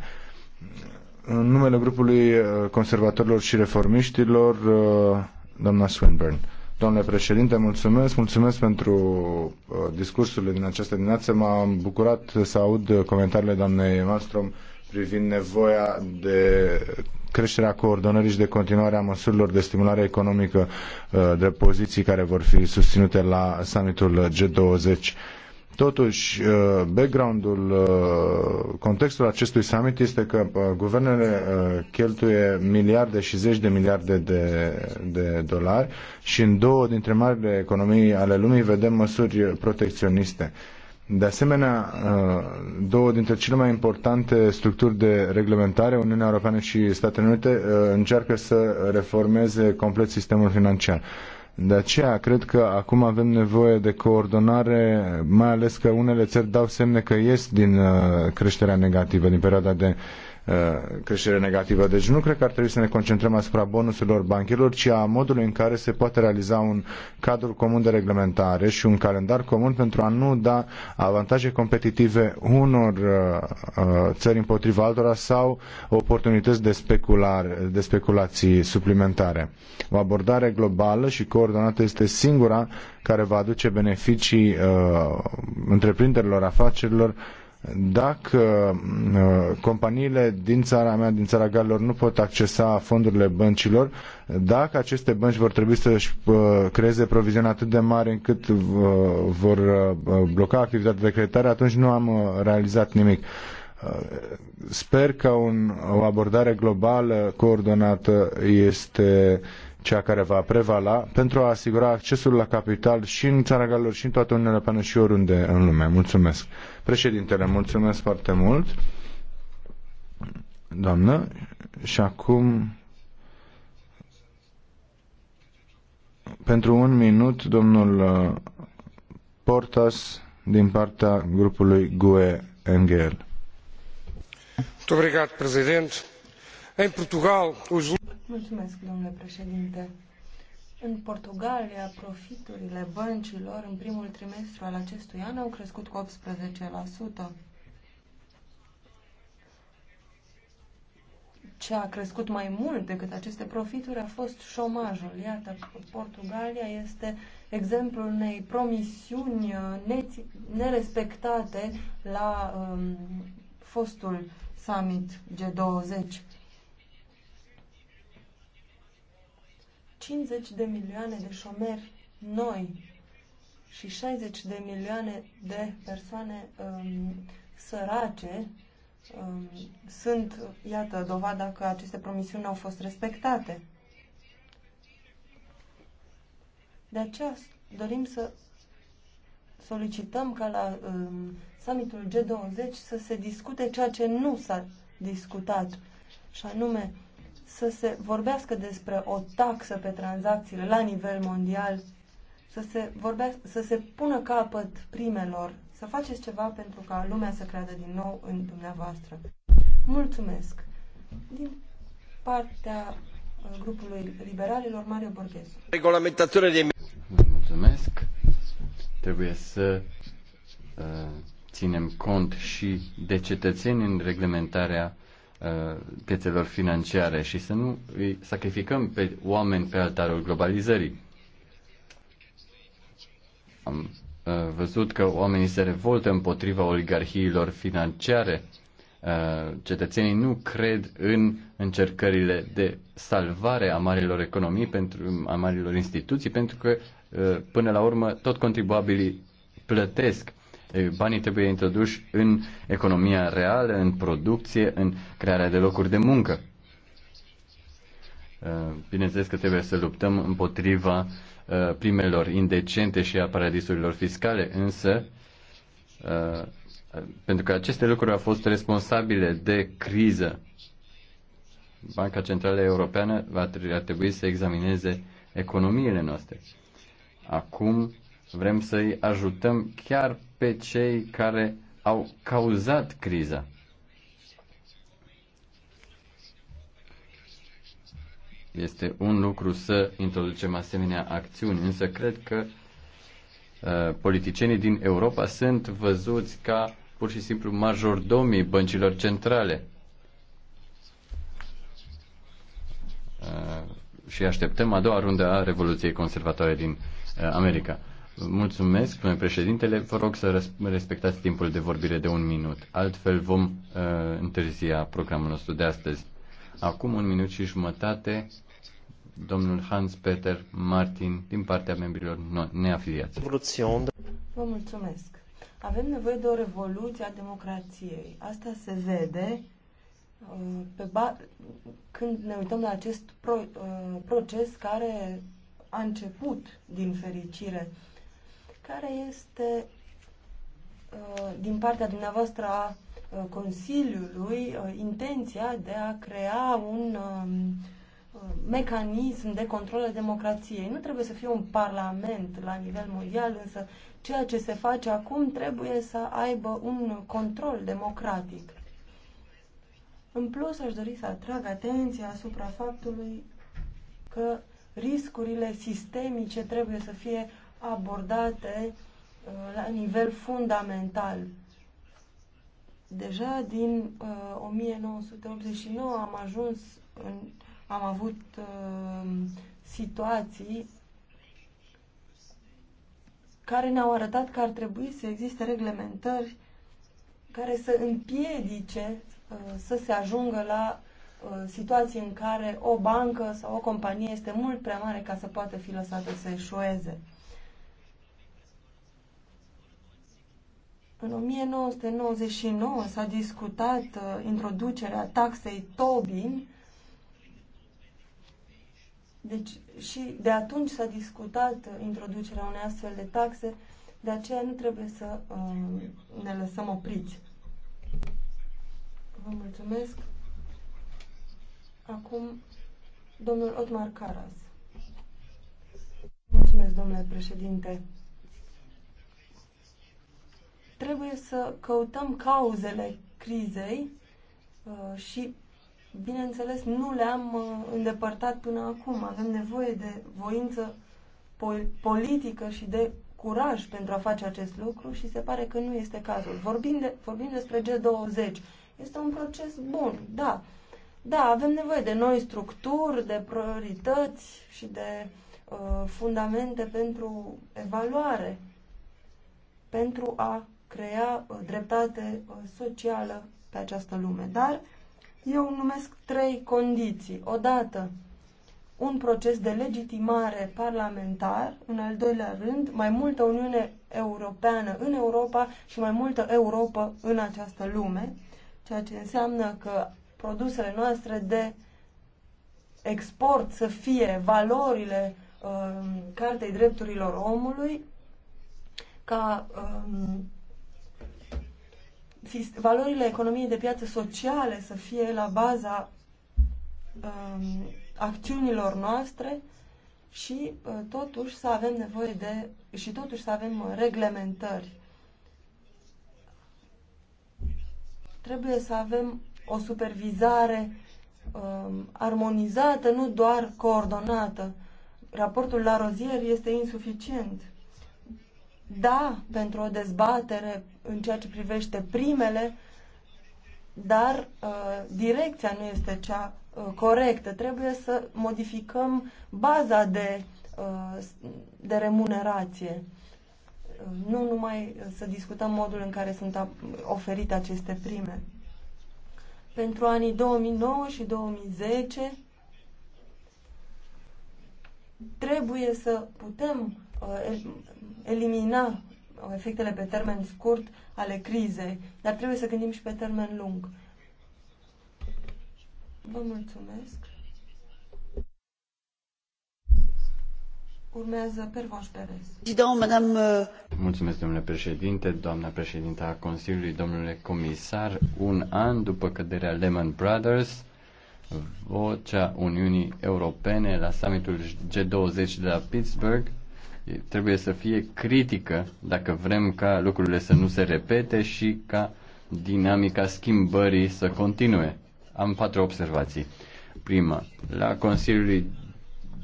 În numele grupului uh, conservatorilor și reformiștilor, uh, doamna Swinburne. Domnule președinte, mulțumesc, mulțumesc pentru uh, discursurile din această dimineață. M-am bucurat să aud comentariile doamnei Malmström privind nevoia de creșterea coordonării și de continuarea măsurilor de stimulare economică uh, de poziții care vor fi susținute la summitul G20 Totuși, uh, background-ul, uh, contextul acestui summit este că uh, guvernele cheltuie miliarde și zeci de miliarde de, de dolari și în două dintre marile economii ale lumii vedem măsuri protecționiste. De asemenea, două dintre cele mai importante structuri de reglementare, Uniunea Europeană și Statele Unite, încearcă să reformeze complet sistemul financiar. De aceea cred că acum avem nevoie de coordonare, mai ales că unele țări dau semne că ies din uh, creșterea negativă, din perioada de Uh, creștere negativă. Deci nu cred că ar trebui să ne concentrăm asupra bonusurilor bancherilor, ci a modului în care se poate realiza un cadru comun de reglementare și un calendar comun pentru a nu da avantaje competitive unor uh, uh, țări împotriva altora sau oportunități de, speculare, de speculații suplimentare. O abordare globală și coordonată este singura care va aduce beneficii uh, întreprinderilor, afacerilor dacă uh, companiile din țara mea, din țara Galilor, nu pot accesa fondurile băncilor, dacă aceste bănci vor trebui să-și uh, creeze proviziuni atât de mari încât uh, vor bloca activitatea de creditare, atunci nu am realizat nimic. Sper că un, o abordare globală coordonată este cea care va prevala pentru a asigura accesul la capital și în țara Galilor și în toată Uniunea Europeană și oriunde în lume. Mulțumesc. Președintele, mulțumesc foarte mult. Doamnă, și acum pentru un minut domnul uh, Portas din partea grupului GUE-NGL. Obrigado, Presidente. În Portugal, Mulțumesc, domnule președinte. În Portugalia, profiturile băncilor în primul trimestru al acestui an au crescut cu 18%. Ce a crescut mai mult decât aceste profituri a fost șomajul. Iată, Portugalia este exemplul unei promisiuni uh, nerespectate la um, fostul summit G20 50 de milioane de șomeri noi și 60 de milioane de persoane um, sărace um, sunt, iată, dovada că aceste promisiuni au fost respectate. De aceea dorim să solicităm ca la um, summitul G20 să se discute ceea ce nu s-a discutat, și anume să se vorbească despre o taxă pe tranzacțiile la nivel mondial, să se, vorbească, să se pună capăt primelor, să faceți ceva pentru ca lumea să creadă din nou în dumneavoastră. Mulțumesc! Din partea uh, grupului liberalilor, Mario Borghesu. Regulamentatoare de... Mulțumesc! Trebuie să uh, ținem cont și de cetățeni în reglementarea Uh, piețelor financiare și să nu îi sacrificăm pe oameni pe altarul globalizării. Am uh, văzut că oamenii se revoltă împotriva oligarhiilor financiare. Uh, cetățenii nu cred în încercările de salvare a marilor economii, pentru, a marilor instituții, pentru că, până la urmă, tot contribuabilii plătesc Banii trebuie introduși în economia reală, în producție, în crearea de locuri de muncă. Bineînțeles că trebuie să luptăm împotriva primelor indecente și a paradisurilor fiscale, însă pentru că aceste lucruri au fost responsabile de criză, Banca Centrală Europeană va trebui, ar trebui să examineze economiile noastre. Acum vrem să-i ajutăm chiar pe cei care au cauzat criza. Este un lucru să introducem asemenea acțiuni, însă cred că uh, politicienii din Europa sunt văzuți ca pur și simplu majordomii băncilor centrale. Uh, și așteptăm a doua rundă a Revoluției Conservatoare din uh, America. Mulțumesc, domnule președintele. Vă rog să respectați timpul de vorbire de un minut. Altfel vom uh, întârzia programul nostru de astăzi. Acum un minut și jumătate, domnul Hans-Peter Martin, din partea membrilor neafiliați. Vă mulțumesc. Avem nevoie de o revoluție a democrației. Asta se vede uh, pe ba- când ne uităm la acest pro- uh, proces care a început, din fericire, care este uh, din partea dumneavoastră a uh, Consiliului uh, intenția de a crea un um, mecanism de control al democrației. Nu trebuie să fie un parlament la nivel mondial, însă ceea ce se face acum trebuie să aibă un control democratic. În plus, aș dori să atrag atenția asupra faptului că riscurile sistemice trebuie să fie abordate uh, la nivel fundamental. Deja din uh, 1989 am ajuns, în, am avut uh, situații care ne-au arătat că ar trebui să existe reglementări care să împiedice uh, să se ajungă la uh, situații în care o bancă sau o companie este mult prea mare ca să poată fi lăsată să eșueze. În 1999 s-a discutat uh, introducerea taxei Tobin. Deci, și de atunci s-a discutat uh, introducerea unei astfel de taxe, de aceea nu trebuie să uh, ne lăsăm opriți. Vă mulțumesc. Acum, domnul Otmar Caras. Mulțumesc, domnule președinte. Trebuie să căutăm cauzele crizei uh, și, bineînțeles, nu le-am uh, îndepărtat până acum. Avem nevoie de voință politică și de curaj pentru a face acest lucru și se pare că nu este cazul. Vorbim, de, vorbim despre G20. Este un proces bun, da. Da, avem nevoie de noi structuri, de priorități și de uh, fundamente pentru evaluare, pentru a crea uh, dreptate uh, socială pe această lume. Dar eu numesc trei condiții. Odată, un proces de legitimare parlamentar, în al doilea rând, mai multă Uniune Europeană în Europa și mai multă Europa în această lume, ceea ce înseamnă că produsele noastre de export să fie valorile um, Cartei Drepturilor Omului, ca um, valorile economiei de piață sociale să fie la baza um, acțiunilor noastre și uh, totuși să avem nevoie de și totuși să avem uh, reglementări. Trebuie să avem o supervizare um, armonizată, nu doar coordonată. Raportul la rozier este insuficient da pentru o dezbatere în ceea ce privește primele, dar uh, direcția nu este cea uh, corectă. Trebuie să modificăm baza de, uh, de remunerație. Uh, nu numai să discutăm modul în care sunt oferite aceste prime. Pentru anii 2009 și 2010 trebuie să putem uh, elimina uh, efectele pe termen scurt ale crizei, dar trebuie să gândim și pe termen lung. Vă mulțumesc. Urmează Pervaș Perez. Uh, mulțumesc, domnule președinte, doamna președinte a Consiliului, domnule comisar. Un an după căderea Lehman Brothers, vocea Uniunii Europene la summitul G20 de la Pittsburgh trebuie să fie critică dacă vrem ca lucrurile să nu se repete și ca dinamica schimbării să continue. Am patru observații. Prima, la Consiliul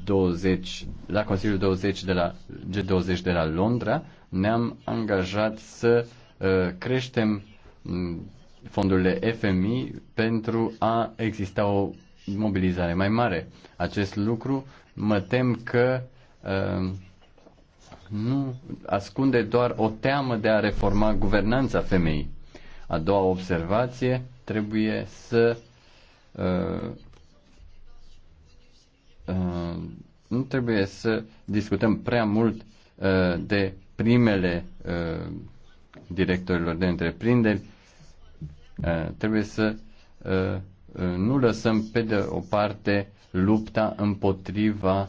20, la Consiliul 20 de la G20 de la Londra ne-am angajat să uh, creștem mm, fondurile FMI pentru a exista o mobilizare mai mare. Acest lucru mă tem că uh, nu ascunde doar o teamă de a reforma guvernanța femeii. A doua observație trebuie să uh, uh, nu trebuie să discutăm prea mult uh, de primele uh, directorilor de întreprinderi. Uh, trebuie să uh, uh nu lăsăm pe de o parte lupta împotriva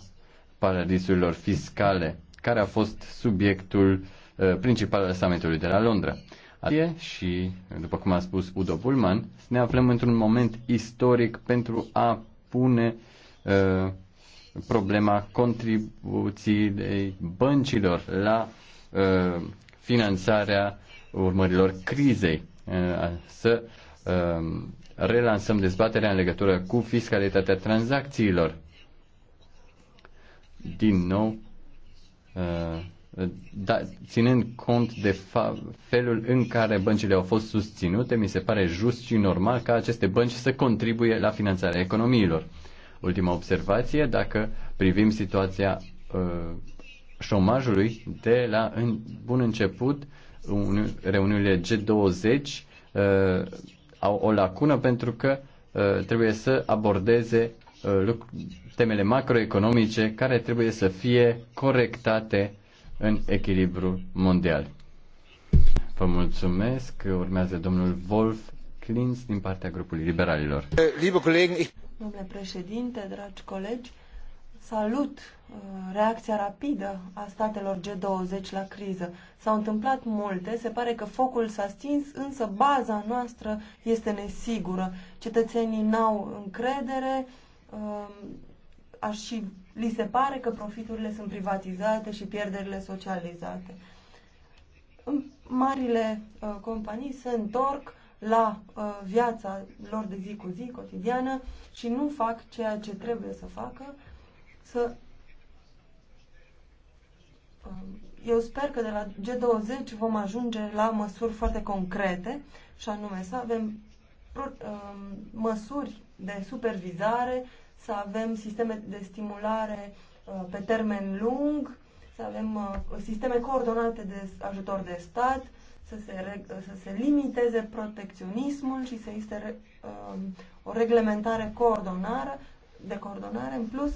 paradisurilor fiscale care a fost subiectul uh, principal al summitului de la Londra. Și, după cum a spus Udo Bullman, ne aflăm într-un moment istoric pentru a pune uh, problema contribuției băncilor la uh, finanțarea urmărilor crizei. Uh, să uh, relansăm dezbaterea în legătură cu fiscalitatea tranzacțiilor. Din nou, Uh, da, ținând cont de felul în care băncile au fost susținute, mi se pare just și normal ca aceste bănci să contribuie la finanțarea economiilor. Ultima observație, dacă privim situația uh, șomajului de la în, bun început, un, reuniunile G20 uh, au o lacună pentru că uh, trebuie să abordeze uh, sistemele macroeconomice care trebuie să fie corectate în echilibru mondial. Vă mulțumesc. Urmează domnul Wolf Klins din partea grupului liberalilor. Domnule președinte, dragi colegi, salut uh, reacția rapidă a statelor G20 la criză. S-au întâmplat multe, se pare că focul s-a stins, însă baza noastră este nesigură. Cetățenii n-au încredere, uh, ar și li se pare că profiturile sunt privatizate și pierderile socializate. Marile uh, companii se întorc la uh, viața lor de zi cu zi, cotidiană, și nu fac ceea ce trebuie să facă, să um, eu sper că de la G20 vom ajunge la măsuri foarte concrete și anume să avem um, măsuri de supervizare să avem sisteme de stimulare uh, pe termen lung, să avem uh, sisteme coordonate de ajutor de stat, să se, uh, să se limiteze protecționismul și să existe o reglementare coordonară, de coordonare, în plus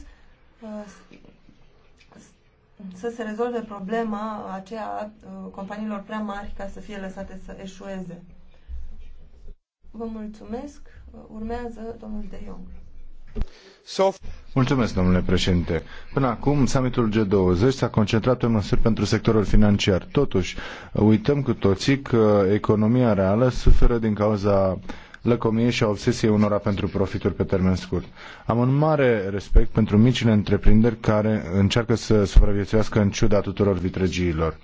să se rezolve problema aceea companiilor prea mari ca să fie lăsate să eșueze. Vă mulțumesc. Urmează domnul De Jong. Mulțumesc, domnule președinte. Până acum, summitul G20 s-a concentrat pe măsuri pentru sectorul financiar. Totuși, uităm cu toții că economia reală suferă din cauza lăcomiei și a obsesiei unora pentru profituri pe termen scurt. Am un mare respect pentru micile întreprinderi care încearcă să supraviețuiască în ciuda tuturor vitregiilor.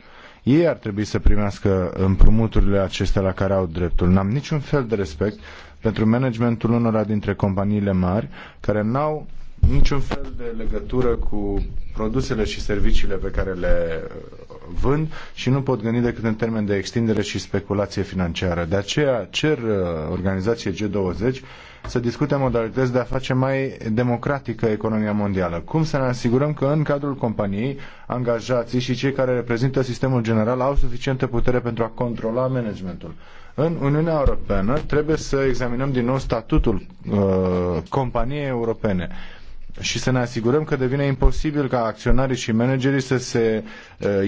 Ei ar trebui să primească împrumuturile acestea la care au dreptul. N-am niciun fel de respect pentru managementul unora dintre companiile mari care n-au niciun fel de legătură cu produsele și serviciile pe care le uh, vând și nu pot gândi decât în termen de extindere și speculație financiară. De aceea cer uh, organizației G20 să discute modalități de a face mai democratică economia mondială. Cum să ne asigurăm că în cadrul companiei angajații și cei care reprezintă sistemul general au suficientă putere pentru a controla managementul. În Uniunea Europeană trebuie să examinăm din nou statutul uh, companiei europene și să ne asigurăm că devine imposibil ca acționarii și managerii să se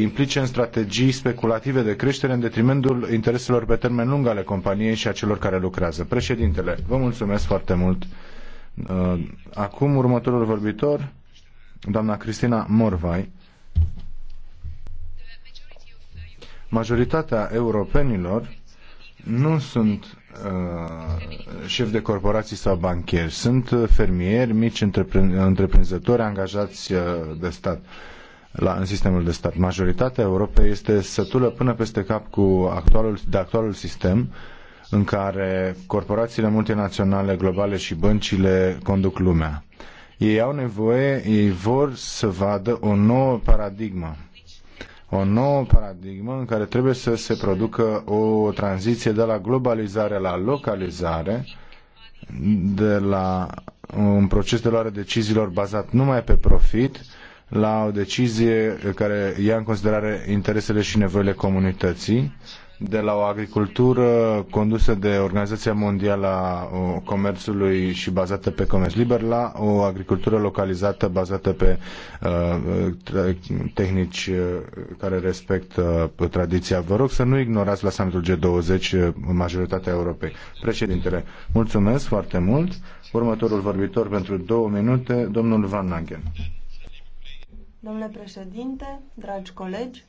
implice în strategii speculative de creștere în detrimentul intereselor pe termen lung ale companiei și a celor care lucrează. Președintele, vă mulțumesc foarte mult. Acum următorul vorbitor, doamna Cristina Morvai. Majoritatea europenilor nu sunt Uh, șef de corporații sau bancheri. Sunt uh, fermieri, mici întreprinzători, angajați uh, de stat la, în sistemul de stat. Majoritatea Europei este sătulă până peste cap cu actualul, de actualul sistem în care corporațiile multinaționale, globale și băncile conduc lumea. Ei au nevoie, ei vor să vadă o nouă paradigmă o nouă paradigmă în care trebuie să se producă o tranziție de la globalizare la localizare, de la un proces de luare deciziilor bazat numai pe profit, la o decizie care ia în considerare interesele și nevoile comunității de la o agricultură condusă de Organizația Mondială a Comerțului și bazată pe comerț liber la o agricultură localizată bazată pe uh, tehnici care respectă tradiția. Vă rog să nu ignorați la summitul G20 majoritatea Europei. Președintele, mulțumesc foarte mult. Următorul vorbitor pentru două minute, domnul Van Langen. Domnule președinte, dragi colegi,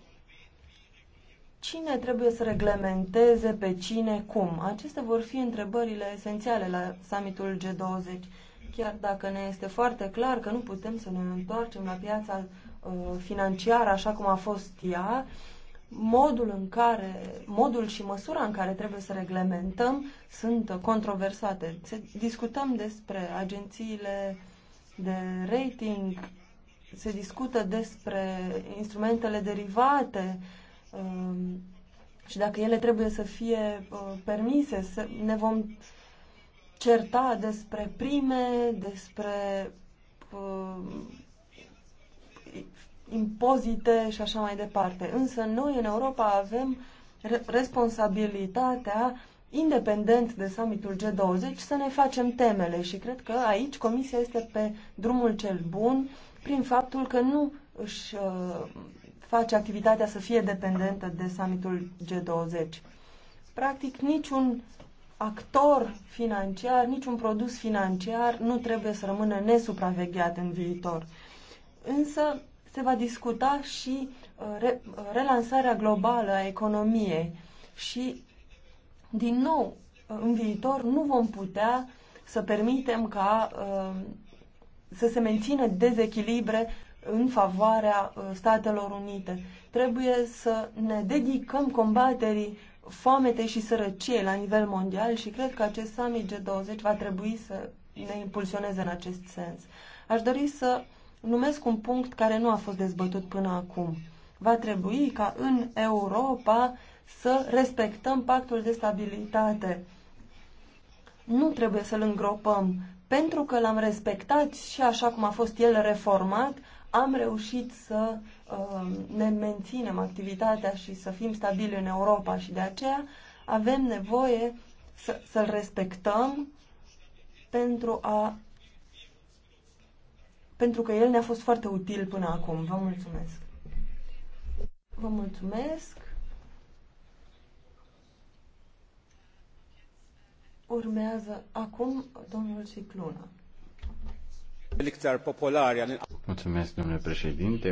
Cine trebuie să reglementeze pe cine cum? Acestea vor fi întrebările esențiale la summitul G20, chiar dacă ne este foarte clar că nu putem să ne întoarcem la piața uh, financiară așa cum a fost ea, modul în care, modul și măsura în care trebuie să reglementăm sunt controversate. Se, discutăm despre agențiile de rating, se discută despre instrumentele derivate, uh, Um, și dacă ele trebuie să fie uh, permise, să ne vom certa despre prime, despre uh, impozite și așa mai departe. Însă noi în Europa avem responsabilitatea independent de summitul G20, să ne facem temele și cred că aici Comisia este pe drumul cel bun prin faptul că nu își uh, face activitatea să fie dependentă de summitul G20. Practic, niciun actor financiar, niciun produs financiar nu trebuie să rămână nesupravegheat în viitor. Însă se va discuta și uh, re, uh, relansarea globală a economiei și, din nou, uh, în viitor nu vom putea să permitem ca să se mențină dezechilibre în favoarea uh, Statelor Unite. Trebuie să ne dedicăm combaterii foamete și sărăcie la nivel mondial și cred că acest summit G20 va trebui să ne impulsioneze în acest sens. Aș dori să numesc un punct care nu a fost dezbătut până acum. Va trebui ca în Europa să respectăm pactul de stabilitate. Nu trebuie să-l îngropăm, pentru că l-am respectat și așa cum a fost el reformat, am reușit să um, ne menținem activitatea și să fim stabili în Europa și de aceea avem nevoie să, să-l respectăm pentru a pentru că el ne-a fost foarte util până acum. Vă mulțumesc. Vă mulțumesc. Urmează acum domnul Cicluna.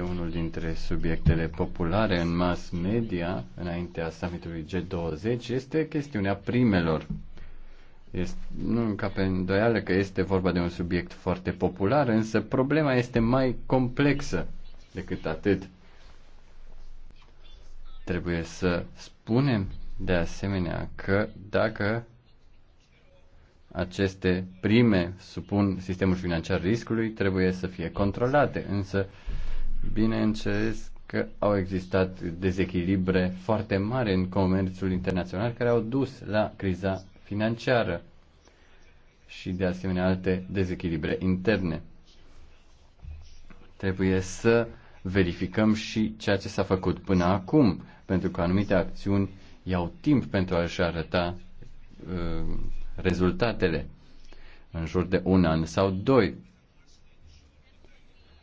Unul dintre subiectele populare în mass media înaintea summitului G20 este chestiunea primelor. Este, nu ca pe îndoială că este vorba de un subiect foarte popular, însă problema este mai complexă decât atât. Trebuie să spunem de asemenea că dacă aceste prime supun sistemul financiar riscului, trebuie să fie controlate, însă bineînțeles că au existat dezechilibre foarte mari în comerțul internațional care au dus la criza financiară și de asemenea alte dezechilibre interne. Trebuie să verificăm și ceea ce s-a făcut până acum, pentru că anumite acțiuni iau timp pentru a-și arăta uh, rezultatele în jur de un an sau doi.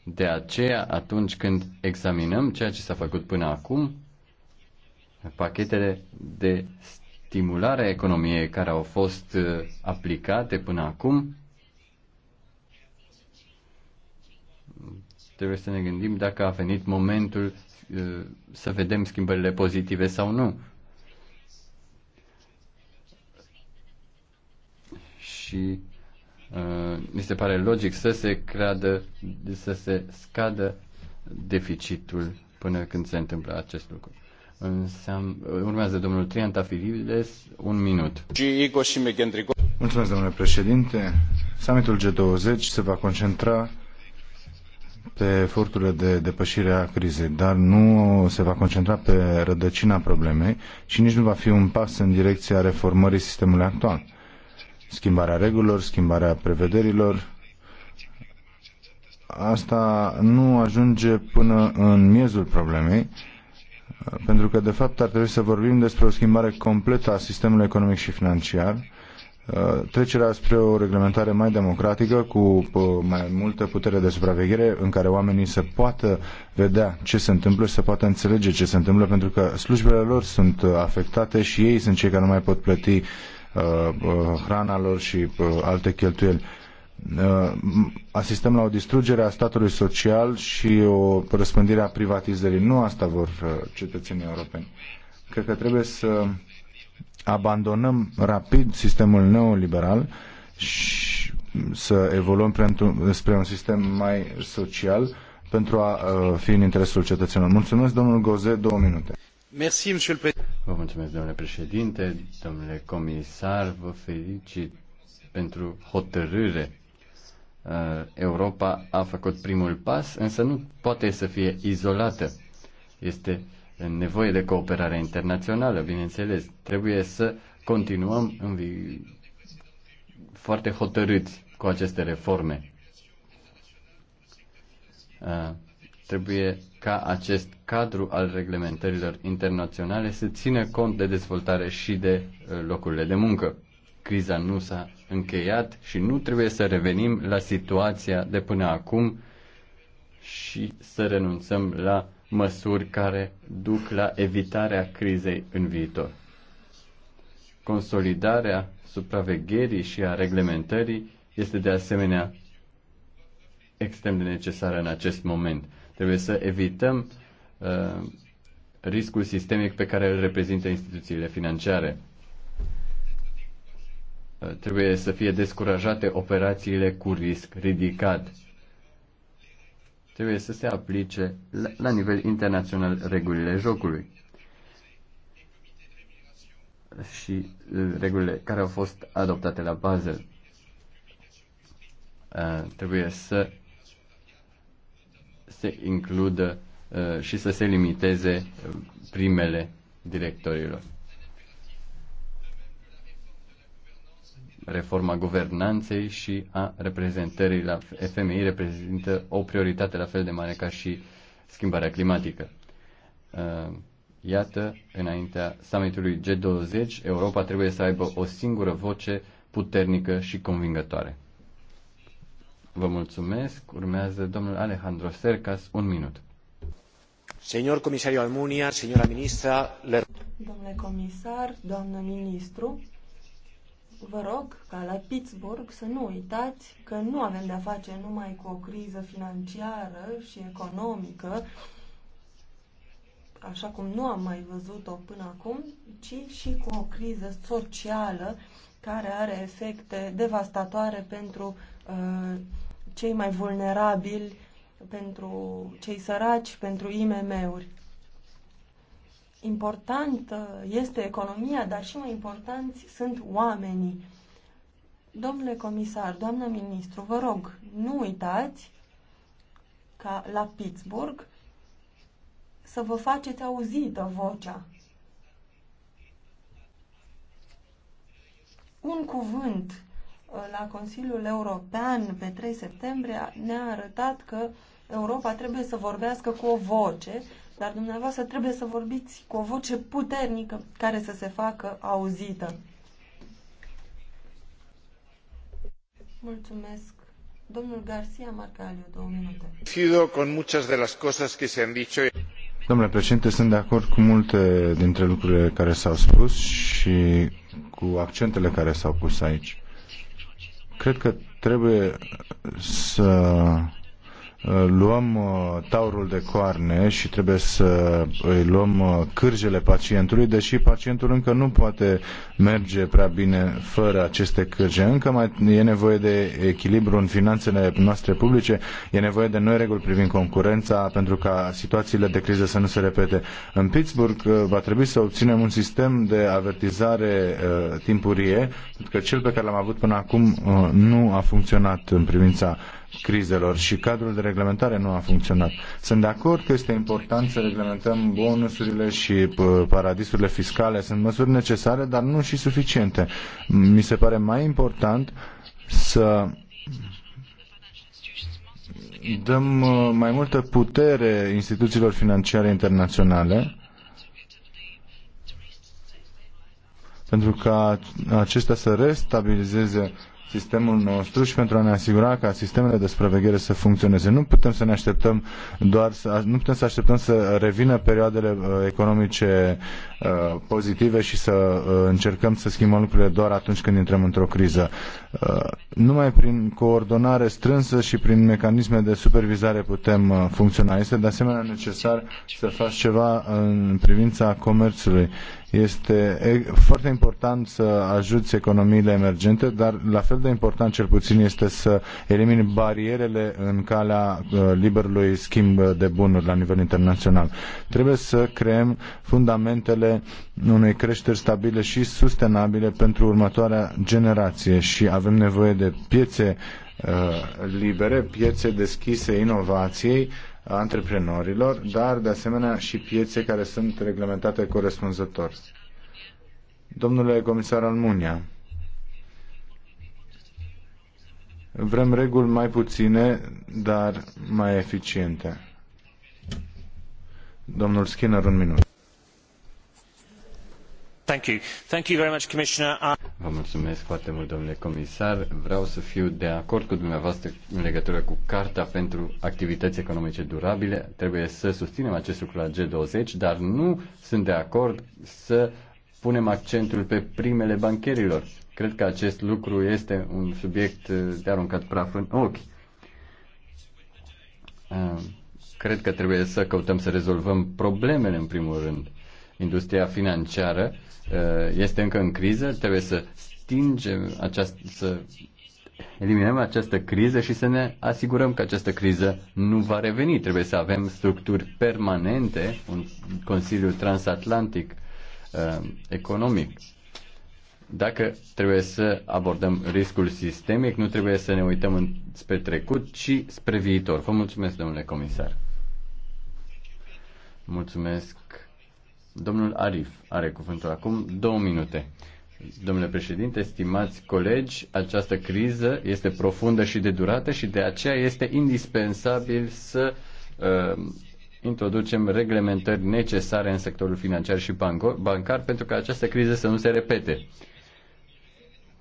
De aceea, atunci când examinăm ceea ce s-a făcut până acum, pachetele de stimulare a economiei care au fost uh, aplicate până acum, trebuie să ne gândim dacă a venit momentul uh, să vedem schimbările pozitive sau nu. și uh, mi se pare logic să se creadă, să se scadă deficitul până când se întâmplă acest lucru. Înseam, urmează domnul Triantafilides, un minut. Mulțumesc, domnule președinte. Summitul G20 se va concentra pe eforturile de depășire a crizei, dar nu se va concentra pe rădăcina problemei și nici nu va fi un pas în direcția reformării sistemului actual schimbarea regulilor, schimbarea prevederilor. Asta nu ajunge până în miezul problemei, pentru că, de fapt, ar trebui să vorbim despre o schimbare completă a sistemului economic și financiar, trecerea spre o reglementare mai democratică, cu mai multă putere de supraveghere, în care oamenii să poată vedea ce se întâmplă și să poată înțelege ce se întâmplă, pentru că slujbele lor sunt afectate și ei sunt cei care nu mai pot plăti Uh, uh, hrana lor și uh, alte cheltuieli asistăm la o distrugere a statului social și o răspândire a privatizării. Nu asta vor cetățenii europeni. Cred că trebuie să abandonăm rapid sistemul neoliberal și să evoluăm spre un sistem mai social pentru a fi în interesul cetățenilor. Mulțumesc, domnul Goze, două minute. Vă mulțumesc, domnule președinte, domnule comisar, vă felicit pentru hotărâre. Uh, Europa a făcut primul pas, însă nu poate să fie izolată. Este nevoie de cooperare internațională, bineînțeles. Trebuie să continuăm în vi- foarte hotărâți cu aceste reforme. Uh, trebuie ca acest cadru al reglementărilor internaționale să țină cont de dezvoltare și de uh, locurile de muncă. Criza nu s-a încheiat și nu trebuie să revenim la situația de până acum și să renunțăm la măsuri care duc la evitarea crizei în viitor. Consolidarea supravegherii și a reglementării este de asemenea extrem de necesară în acest moment Trebuie să evităm uh, riscul sistemic pe care îl reprezintă instituțiile financiare. Uh, trebuie să fie descurajate operațiile cu risc ridicat. Trebuie să se aplice la, la nivel internațional regulile jocului și uh, regulile care au fost adoptate la bază. Uh, trebuie să se includă uh, și să se limiteze uh, primele directorilor. Reforma guvernanței și a reprezentării la FMI reprezintă o prioritate la fel de mare ca și schimbarea climatică. Uh, iată, înaintea summitului G20, Europa trebuie să aibă o singură voce puternică și convingătoare. Vă mulțumesc. Urmează domnul Alejandro Sercas, un minut. Señor comisario Almunia, señora ministra, le... Domnule comisar, doamnă ministru, vă rog ca la Pittsburgh să nu uitați că nu avem de-a face numai cu o criză financiară și economică, așa cum nu am mai văzut-o până acum, ci și cu o criză socială care are efecte devastatoare pentru Uh, cei mai vulnerabili, pentru cei săraci, pentru IMM-uri. Important uh, este economia, dar și mai importanți sunt oamenii. Domnule comisar, doamnă ministru, vă rog, nu uitați ca la Pittsburgh să vă faceți auzită vocea. Un cuvânt la Consiliul European pe 3 septembrie ne-a arătat că Europa trebuie să vorbească cu o voce, dar dumneavoastră trebuie să vorbiți cu o voce puternică care să se facă auzită. Mulțumesc. Domnul Garcia Marcaliu, două minute. con muchas de las cosas que se han dicho. Domnule președinte, sunt de acord cu multe dintre lucrurile care s-au spus și cu accentele care s-au pus aici. Cred că trebuie să Eh, luăm eh, taurul de coarne și trebuie să eh, îi luăm cârjele pacientului, deși pacientul încă nu poate merge prea bine fără aceste cârje. Încă mai e nevoie de echilibru în finanțele noastre publice, e nevoie de noi reguli privind concurența pentru ca situațiile de criză să nu se repete. În Pittsburgh va trebui să obținem un sistem de avertizare timpurie, pentru că cel pe care l-am avut până acum nu a funcționat în privința crizelor și cadrul de reglementare nu a funcționat. Sunt de acord că este important să reglementăm bonusurile și uh, paradisurile fiscale. Sunt măsuri necesare, dar nu și suficiente. Mi se pare mai important să dăm uh, mai multă putere instituțiilor financiare internaționale pentru ca acestea să restabilizeze sistemul nostru și pentru a ne asigura ca sistemele de supraveghere să funcționeze. Nu putem să ne așteptăm doar să, nu putem să așteptăm să revină perioadele uh, economice Uh, pozitive și să uh, încercăm să schimbăm lucrurile doar atunci când intrăm într-o criză. Uh, numai prin coordonare strânsă și prin mecanisme de supervizare putem funcționa. Este de asemenea necesar să faci ceva în privința comerțului. Este foarte important să ajuți economiile emergente, dar la fel de important cel puțin este să elimini barierele în calea liberului schimb de bunuri la nivel internațional. Trebuie să creăm fundamentele asigurare unei creșteri stabile și sustenabile pentru următoarea generație și avem nevoie de piețe uh, libere, piețe deschise inovației, antreprenorilor, dar de asemenea și piețe care sunt reglementate corespunzător. Domnule comisar Almunia, vrem reguli mai puține, dar mai eficiente. Domnul Skinner, un minut. Uh, Vă mulțumesc domnule comisar. Vreau să fiu de acord cu dumneavoastră în legătură cu Carta pentru Activități Economice Durabile. Trebuie să susținem acest lucru la G20, dar nu sunt de acord să punem accentul pe primele bancherilor. Cred că acest lucru este un subiect uh, de aruncat praf în ochi. Uh, cred că trebuie să căutăm să rezolvăm problemele în primul rând. Industria financiară Uh, este încă în criză, trebuie să stingem această, să eliminăm această criză și să ne asigurăm că această criză nu va reveni. Trebuie să avem structuri permanente, un Consiliu Transatlantic uh, economic. Dacă trebuie să abordăm riscul sistemic, nu trebuie să ne uităm în, spre trecut, ci spre viitor. Vă mulțumesc, domnule comisar. Mulțumesc Domnul Arif are cuvântul acum două minute. Domnule președinte, stimați colegi, această criză este profundă și de durată și de aceea este indispensabil să uh, introducem reglementări necesare în sectorul financiar și bancar pentru că această criză să nu se repete.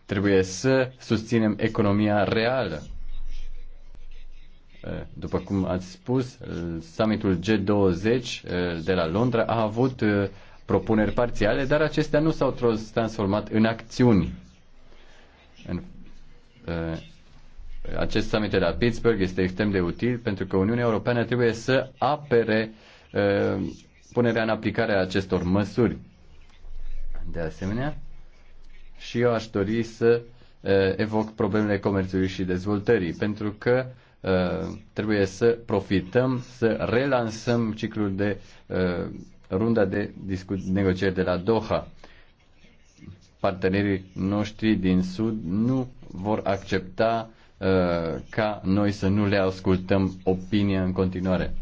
Trebuie să susținem economia reală Eh, după cum ați spus, eh, summitul G20 eh, de la Londra a avut propuneri parțiale, dar acestea nu s-au transformat în acțiuni. În, acest summit de la Pittsburgh este extrem de util pentru că Uniunea Europeană trebuie să apere punerea în aplicare a acestor măsuri. De asemenea, și eu aș dori să evoc problemele comerțului și dezvoltării, pentru că uh, Uh, trebuie să profităm, să relansăm ciclul de uh, runda de negocieri de la Doha. Partenerii noștri din Sud nu vor accepta uh, ca noi să nu le ascultăm opinia în continuare.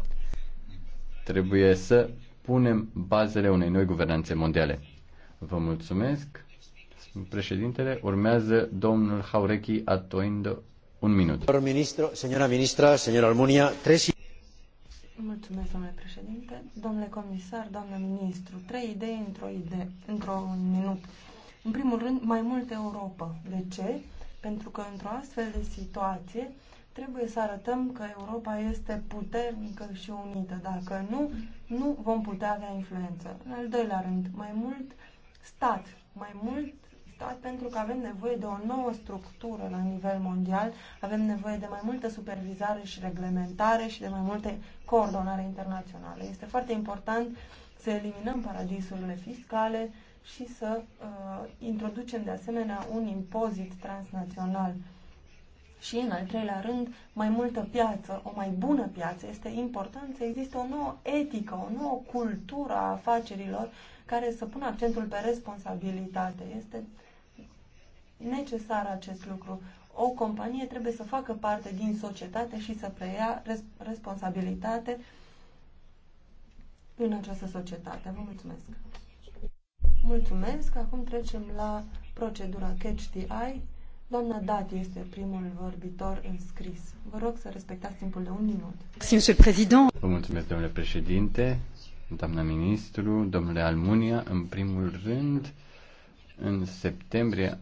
Trebuie să punem bazele unei noi guvernanțe mondiale. Vă mulțumesc. Președintele, urmează domnul Haurechi Atoindo un minut. Señora ministra, señora Almunia, tres... Mulțumesc, domnule președinte. Domnule comisar, doamnă ministru, trei idei într-o idee, într-un minut. În primul rând, mai multă Europa. De ce? Pentru că într-o astfel de situație trebuie să arătăm că Europa este puternică și unită. Dacă nu, nu vom putea avea influență. În al doilea rând, mai mult stat, mai mult stat pentru că avem nevoie de o nouă structură la nivel mondial, avem nevoie de mai multă supervizare și reglementare și de mai multe coordonare internaționale. Este foarte important să eliminăm paradisurile fiscale și să uh, introducem de asemenea un impozit transnațional. Și în al treilea rând, mai multă piață, o mai bună piață. Este important să există o nouă etică, o nouă cultură a afacerilor care să pună accentul pe responsabilitate. Este necesar acest lucru. O companie trebuie să facă parte din societate și să preia responsabilitate în această societate. Vă mulțumesc! Mulțumesc! Acum trecem la procedura Catch the Eye. Doamna Dati este primul vorbitor înscris. Vă rog să respectați timpul de un minut. Vă mulțumesc, domnule președinte, doamna ministru, domnule Almunia. În primul rând, în septembrie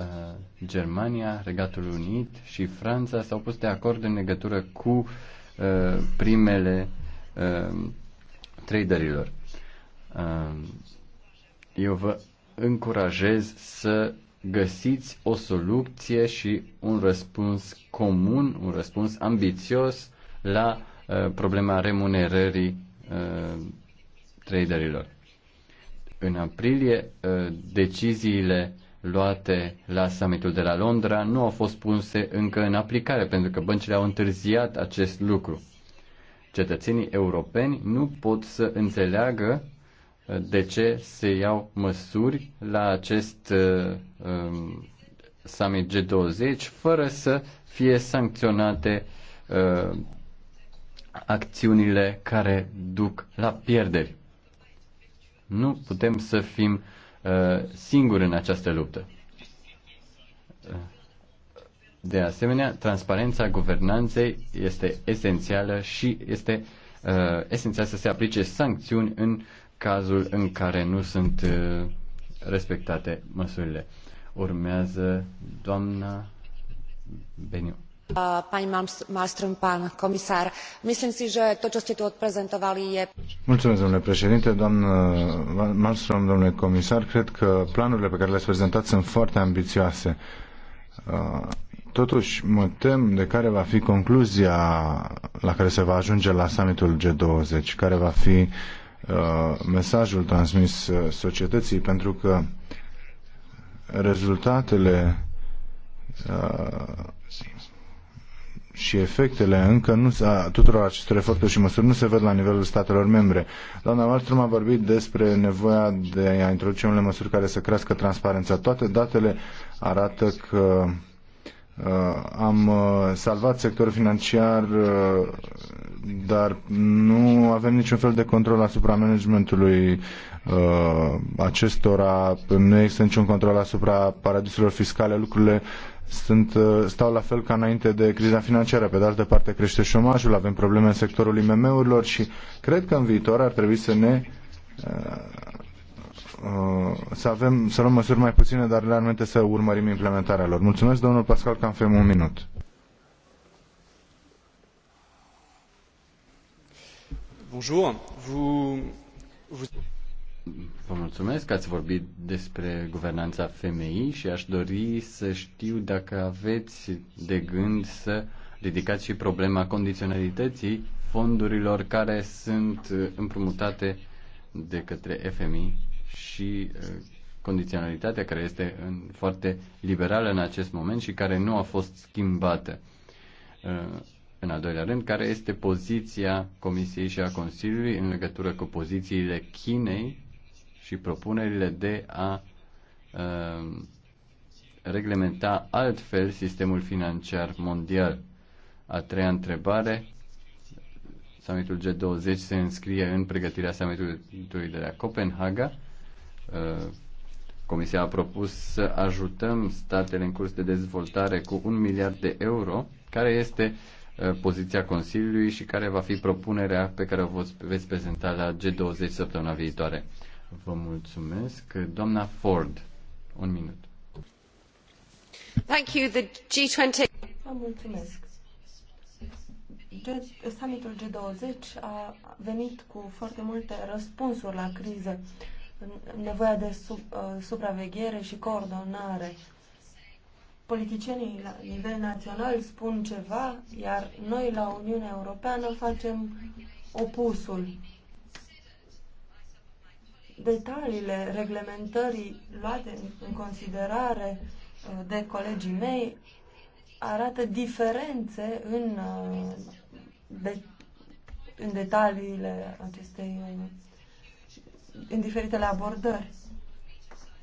Uh, Germania, Regatul Unit și Franța s-au pus de acord în legătură cu uh, primele uh, traderilor. Eu vă încurajez să găsiți o soluție și un răspuns comun, un răspuns ambițios la problema remunerării traderilor. În aprilie, deciziile luate la summitul de la Londra nu au fost puse încă în aplicare, pentru că băncile au întârziat acest lucru. Cetățenii europeni nu pot să înțeleagă uh, de ce se iau măsuri la acest uh, um, summit G20 fără să fie sancționate uh, acțiunile care duc la pierderi. Nu putem să fim uh, Uh, singur în această luptă. De asemenea, transparența guvernanței este esențială și este uh, esențial să se aplice sancțiuni în cazul în care nu sunt uh, respectate măsurile. Urmează doamna Beniu. Eh, pani Malmström, pan comisar, myslím si, že to, ce ste tu odprezentovali je... domnule președinte, doamnă Malmström, domnule comisar. Cred că planurile pe care le-ați prezentat sunt foarte ambițioase. Eh, totuși, mă tem de care va fi concluzia la care se va ajunge la summitul G20, care va fi eh, mesajul transmis societății, pentru că rezultatele și efectele încă nu, a tuturor acestor eforturi și măsuri nu se văd la nivelul statelor membre. Doamna Wallström a vorbit despre nevoia de a introduce unele măsuri care să crească transparența. Toate datele arată că uh, am uh, salvat sectorul financiar, uh, dar nu avem niciun fel de control asupra managementului uh, acestora, nu există niciun control asupra paradisurilor fiscale, lucrurile sunt, uh, stau la fel ca înainte de criza financiară. Pe de altă parte crește șomajul, avem probleme în sectorul IMM-urilor și cred că în viitor ar trebui să ne uh, uh, să avem, să luăm măsuri mai puține, dar realmente să urmărim implementarea lor. Mulțumesc, domnul Pascal, că am fem un minut. Bonjour. Vous... Vous... Vă mulțumesc că ați vorbit despre guvernanța femeii și aș dori să știu dacă aveți de gând să ridicați și problema condiționalității fondurilor care sunt uh, împrumutate de către FMI și uh, condiționalitatea care este în, foarte liberală în acest moment și care nu a fost schimbată. Uh, în al doilea rând, care este poziția Comisiei și a Consiliului în legătură cu pozițiile Chinei și propunerile de a uh, reglementa altfel sistemul financiar mondial. A treia întrebare, summitul G20 se înscrie în pregătirea summitului de la Copenhaga. Uh, Comisia a propus să ajutăm statele în curs de dezvoltare cu un miliard de euro, care este uh, poziția Consiliului și care va fi propunerea pe care o veți prezenta la G20 săptămâna viitoare. Vă mulțumesc. Doamna Ford, un minut. Thank you. The G20... Vă mulțumesc. Summitul G20 a venit cu foarte multe răspunsuri la criză, nevoia de sub, uh, supraveghere și coordonare. Politicienii la nivel național spun ceva, iar noi la Uniunea Europeană facem opusul detaliile reglementării luate în considerare uh, de colegii mei arată diferențe în, uh, de, în detaliile acestei, uh, în diferitele abordări.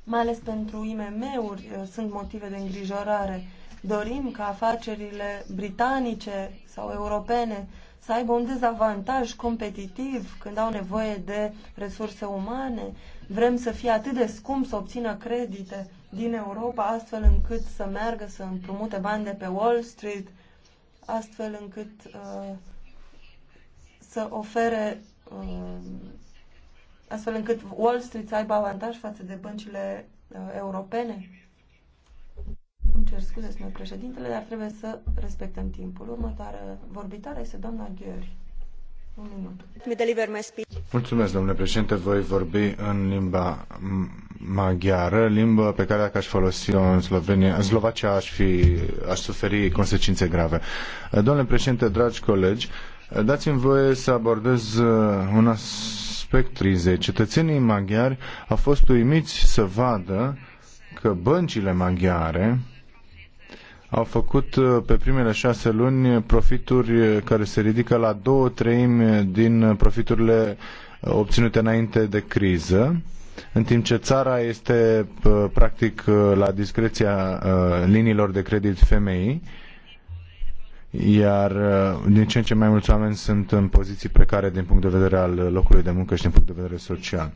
Mai ales pentru IMM-uri sunt motive de îngrijorare. Dorim ca afacerile britanice sau europene să aibă un dezavantaj competitiv când au nevoie de resurse umane. Vrem să fie atât de scump să obțină credite din Europa, astfel încât să meargă să împrumute bani de pe Wall Street, astfel încât uh, să ofere uh, astfel încât Wall Street să aibă avantaj față de băncile uh, europene cer scuze, domnule președintele, dar trebuie să respectăm timpul. Următoarea vorbitoare este doamna Gheori. Mulțumesc, domnule președinte. Voi vorbi în limba maghiară, limba pe care dacă aș folosi-o în Slovenia, în Slovacia aș, fi, aș suferi consecințe grave. Domnule președinte, dragi colegi, dați-mi voie să abordez uh, un aspect trizei. Cetățenii maghiari au fost uimiți să vadă că băncile maghiare au făcut uh, pe primele șase luni profituri uh, care se ridică la două treimi din profiturile uh, obținute înainte de criză, în timp ce țara este practic la discreția liniilor de credit femei, iar din ce în ce mai mulți oameni sunt în poziții precare din punct de vedere al locului de muncă și din punct de vedere social.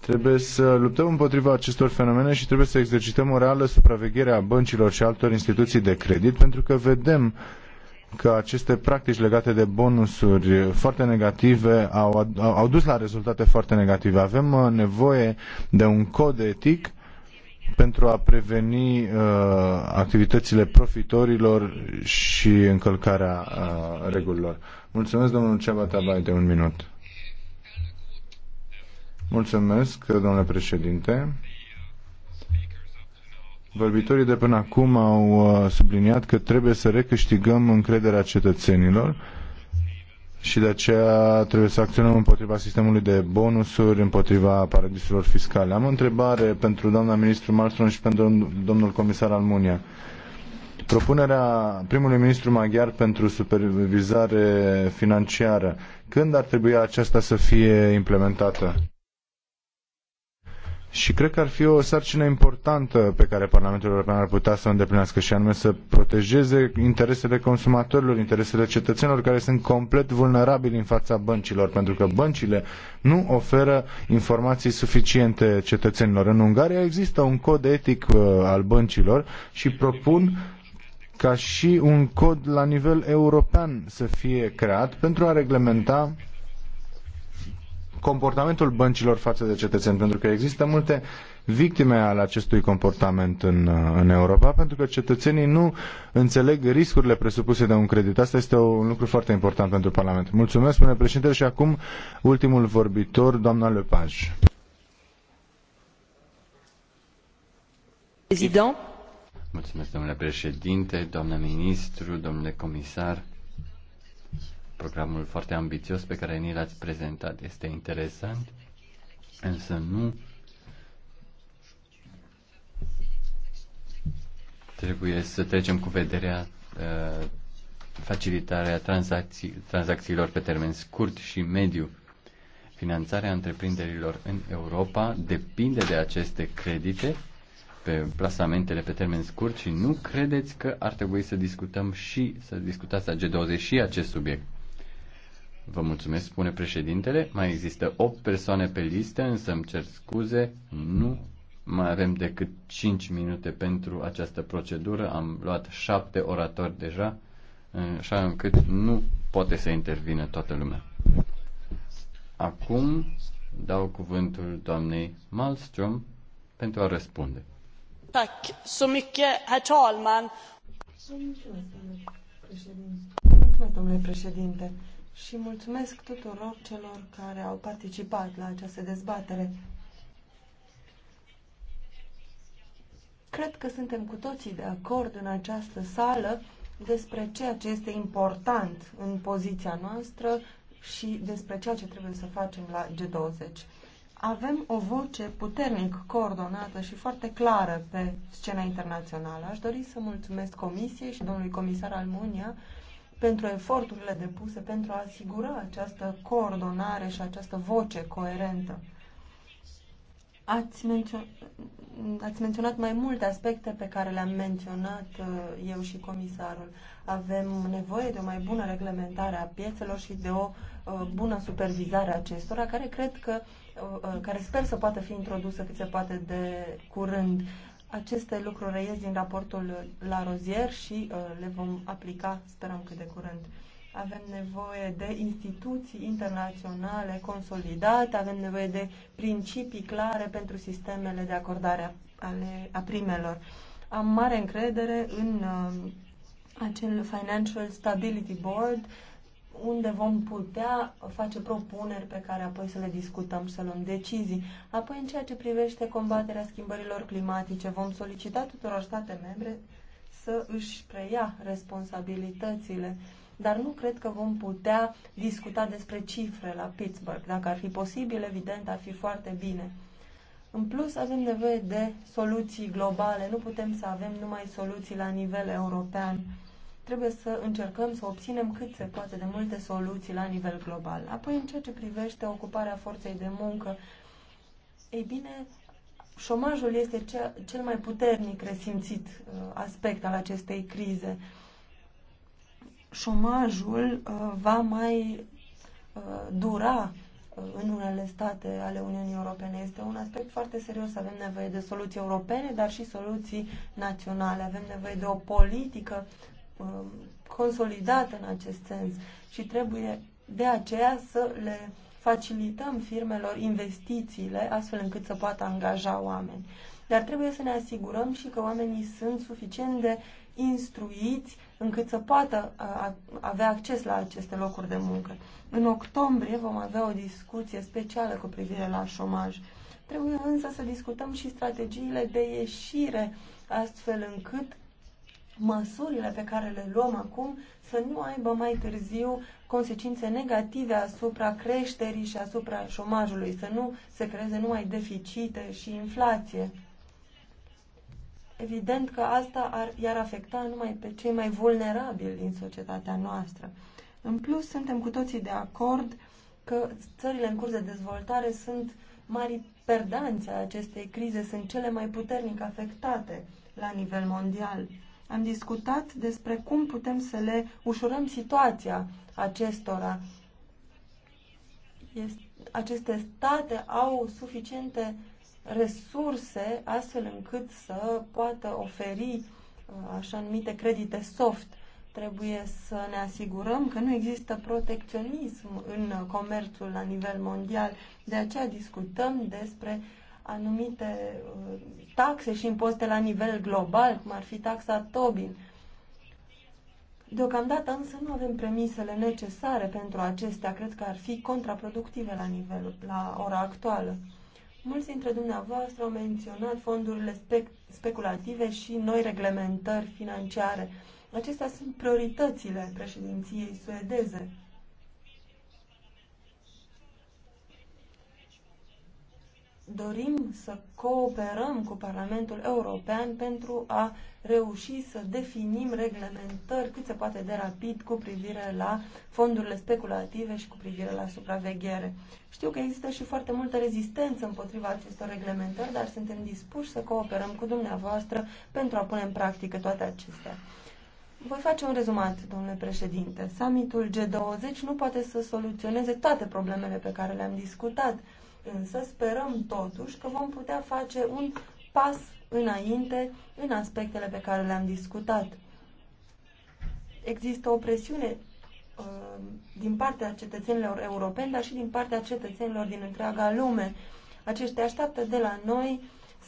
Trebuie să luptăm împotriva acestor fenomene și trebuie să exercităm o reală supraveghere a băncilor și altor instituții de credit, pentru că vedem că aceste practici legate de bonusuri foarte negative au, au, au dus la rezultate foarte negative. Avem uh, nevoie de un cod etic pentru a preveni uh, activitățile profitorilor și încălcarea uh, regulilor. Mulțumesc, domnul Ceaba Tabai, de un minut. Mulțumesc, domnule președinte. Vorbitorii de până acum au uh, subliniat că trebuie să recâștigăm încrederea cetățenilor și de aceea trebuie să acționăm împotriva sistemului de bonusuri, împotriva paradisurilor fiscale. Am o întrebare pentru doamna ministru Malmström și pentru domnul comisar Almunia. Propunerea primului ministru maghiar pentru supervizare financiară, când ar trebui aceasta să fie implementată? Și cred că ar fi o sarcină importantă pe care Parlamentul European ar putea să o îndeplinească și anume să protejeze interesele consumatorilor, interesele cetățenilor care sunt complet vulnerabili în fața băncilor, pentru că băncile nu oferă informații suficiente cetățenilor. În Ungaria există un cod etic uh, al băncilor și propun ca și un cod la nivel european să fie creat pentru a reglementa comportamentul băncilor față de cetățeni, pentru că există multe victime ale acestui comportament în, în Europa, pentru că cetățenii nu înțeleg riscurile presupuse de un credit. Asta este un lucru foarte important pentru Parlament. Mulțumesc, spune președinte, și acum ultimul vorbitor, doamna Lepage. Mulțumesc, domnule președinte, doamnă ministru, domnule comisar programul foarte ambițios pe care ni l-ați prezentat. Este interesant, însă nu trebuie să trecem cu vederea uh, facilitarea tranzacții, tranzacțiilor pe termen scurt și mediu. Finanțarea întreprinderilor în Europa depinde de aceste credite pe plasamentele pe termen scurt și nu credeți că ar trebui să discutăm și să discutați la G20 și acest subiect. Vă mulțumesc, spune președintele. Mai există 8 persoane pe listă, însă îmi cer scuze, nu mai avem decât 5 minute pentru această procedură. Am luat 7 oratori deja, așa încât nu poate să intervină toată lumea. Acum dau cuvântul doamnei Malmström pentru a răspunde. Tack så mycket, herr talman. Mulțumesc, domnule președinte și mulțumesc tuturor celor care au participat la această dezbatere. Cred că suntem cu toții de acord în această sală despre ceea ce este important în poziția noastră și despre ceea ce trebuie să facem la G20. Avem o voce puternic coordonată și foarte clară pe scena internațională. Aș dori să mulțumesc Comisiei și domnului comisar Almunia pentru eforturile depuse pentru a asigura această coordonare și această voce coerentă. Ați, menționat, ați menționat mai multe aspecte pe care le-am menționat uh, eu și comisarul. Avem nevoie de o mai bună reglementare a piețelor și de o uh, bună supervizare a acestora, care cred că, uh, care sper să poată fi introdusă cât se poate de curând. Aceste lucruri reiesc din raportul la rozier și uh, le vom aplica, sperăm cât de curând. Avem nevoie de instituții internaționale consolidate, avem nevoie de principii clare pentru sistemele de acordare a, ale, a primelor. Am mare încredere în uh, acel Financial Stability Board unde vom putea face propuneri pe care apoi să le discutăm și să luăm decizii. Apoi, în ceea ce privește combaterea schimbărilor climatice, vom solicita tuturor state membre să își preia responsabilitățile. Dar nu cred că vom putea discuta despre cifre la Pittsburgh. Dacă ar fi posibil, evident, ar fi foarte bine. În plus, avem nevoie de soluții globale. Nu putem să avem numai soluții la nivel european trebuie să încercăm să obținem cât se poate de multe soluții la nivel global. Apoi, în ceea ce privește ocuparea forței de muncă, ei bine, șomajul este cel mai puternic resimțit uh, aspect al acestei crize. Șomajul uh, va mai uh, dura în unele state ale Uniunii Europene. Este un aspect foarte serios. Avem nevoie de soluții europene, dar și soluții naționale. Avem nevoie de o politică Um, consolidată în acest sens și trebuie de aceea să le facilităm firmelor investițiile astfel încât să poată angaja oameni. Dar trebuie să ne asigurăm și că oamenii sunt suficient de instruiți încât să poată uh, avea acces la aceste locuri de muncă. În octombrie vom avea o discuție specială cu privire la șomaj. Trebuie însă să discutăm și strategiile de ieșire, astfel încât măsurile pe care le luăm acum să nu aibă mai târziu consecințe negative asupra creșterii și asupra șomajului, să nu se creeze numai deficite și inflație. Evident că asta ar, i-ar afecta numai pe cei mai vulnerabili din societatea noastră. În plus, suntem cu toții de acord că țările în curs de dezvoltare sunt mari perdanțe a acestei crize, sunt cele mai puternic afectate la nivel mondial am discutat despre cum putem să le ușurăm situația acestora. Aceste state au suficiente resurse astfel încât să poată oferi uh, așa numite credite soft. Trebuie să ne asigurăm că nu există protecționism în comerțul la nivel mondial. De aceea discutăm despre anumite uh, taxe și impozite la nivel global, cum ar fi taxa Tobin. Deocamdată însă nu avem premisele necesare pentru acestea. Cred că ar fi contraproductive la, nivel, la ora actuală. Mulți dintre dumneavoastră au menționat fondurile spec speculative și noi reglementări financiare. Acestea sunt prioritățile președinției suedeze. dorim să cooperăm cu Parlamentul European pentru a reuși să definim reglementări cât se poate de rapid cu privire la fondurile speculative și cu privire la supraveghere. Știu că există și foarte multă rezistență împotriva acestor reglementări, dar suntem dispuși să cooperăm cu dumneavoastră pentru a pune în practică toate acestea. Voi face un rezumat, domnule președinte. Summitul G20 nu poate să soluționeze toate problemele pe care le-am discutat, însă sperăm totuși că vom putea face un pas înainte în aspectele pe care le-am discutat. Există o presiune uh, din partea cetățenilor europeni, dar și din partea cetățenilor din întreaga lume. Aceștia așteaptă de la noi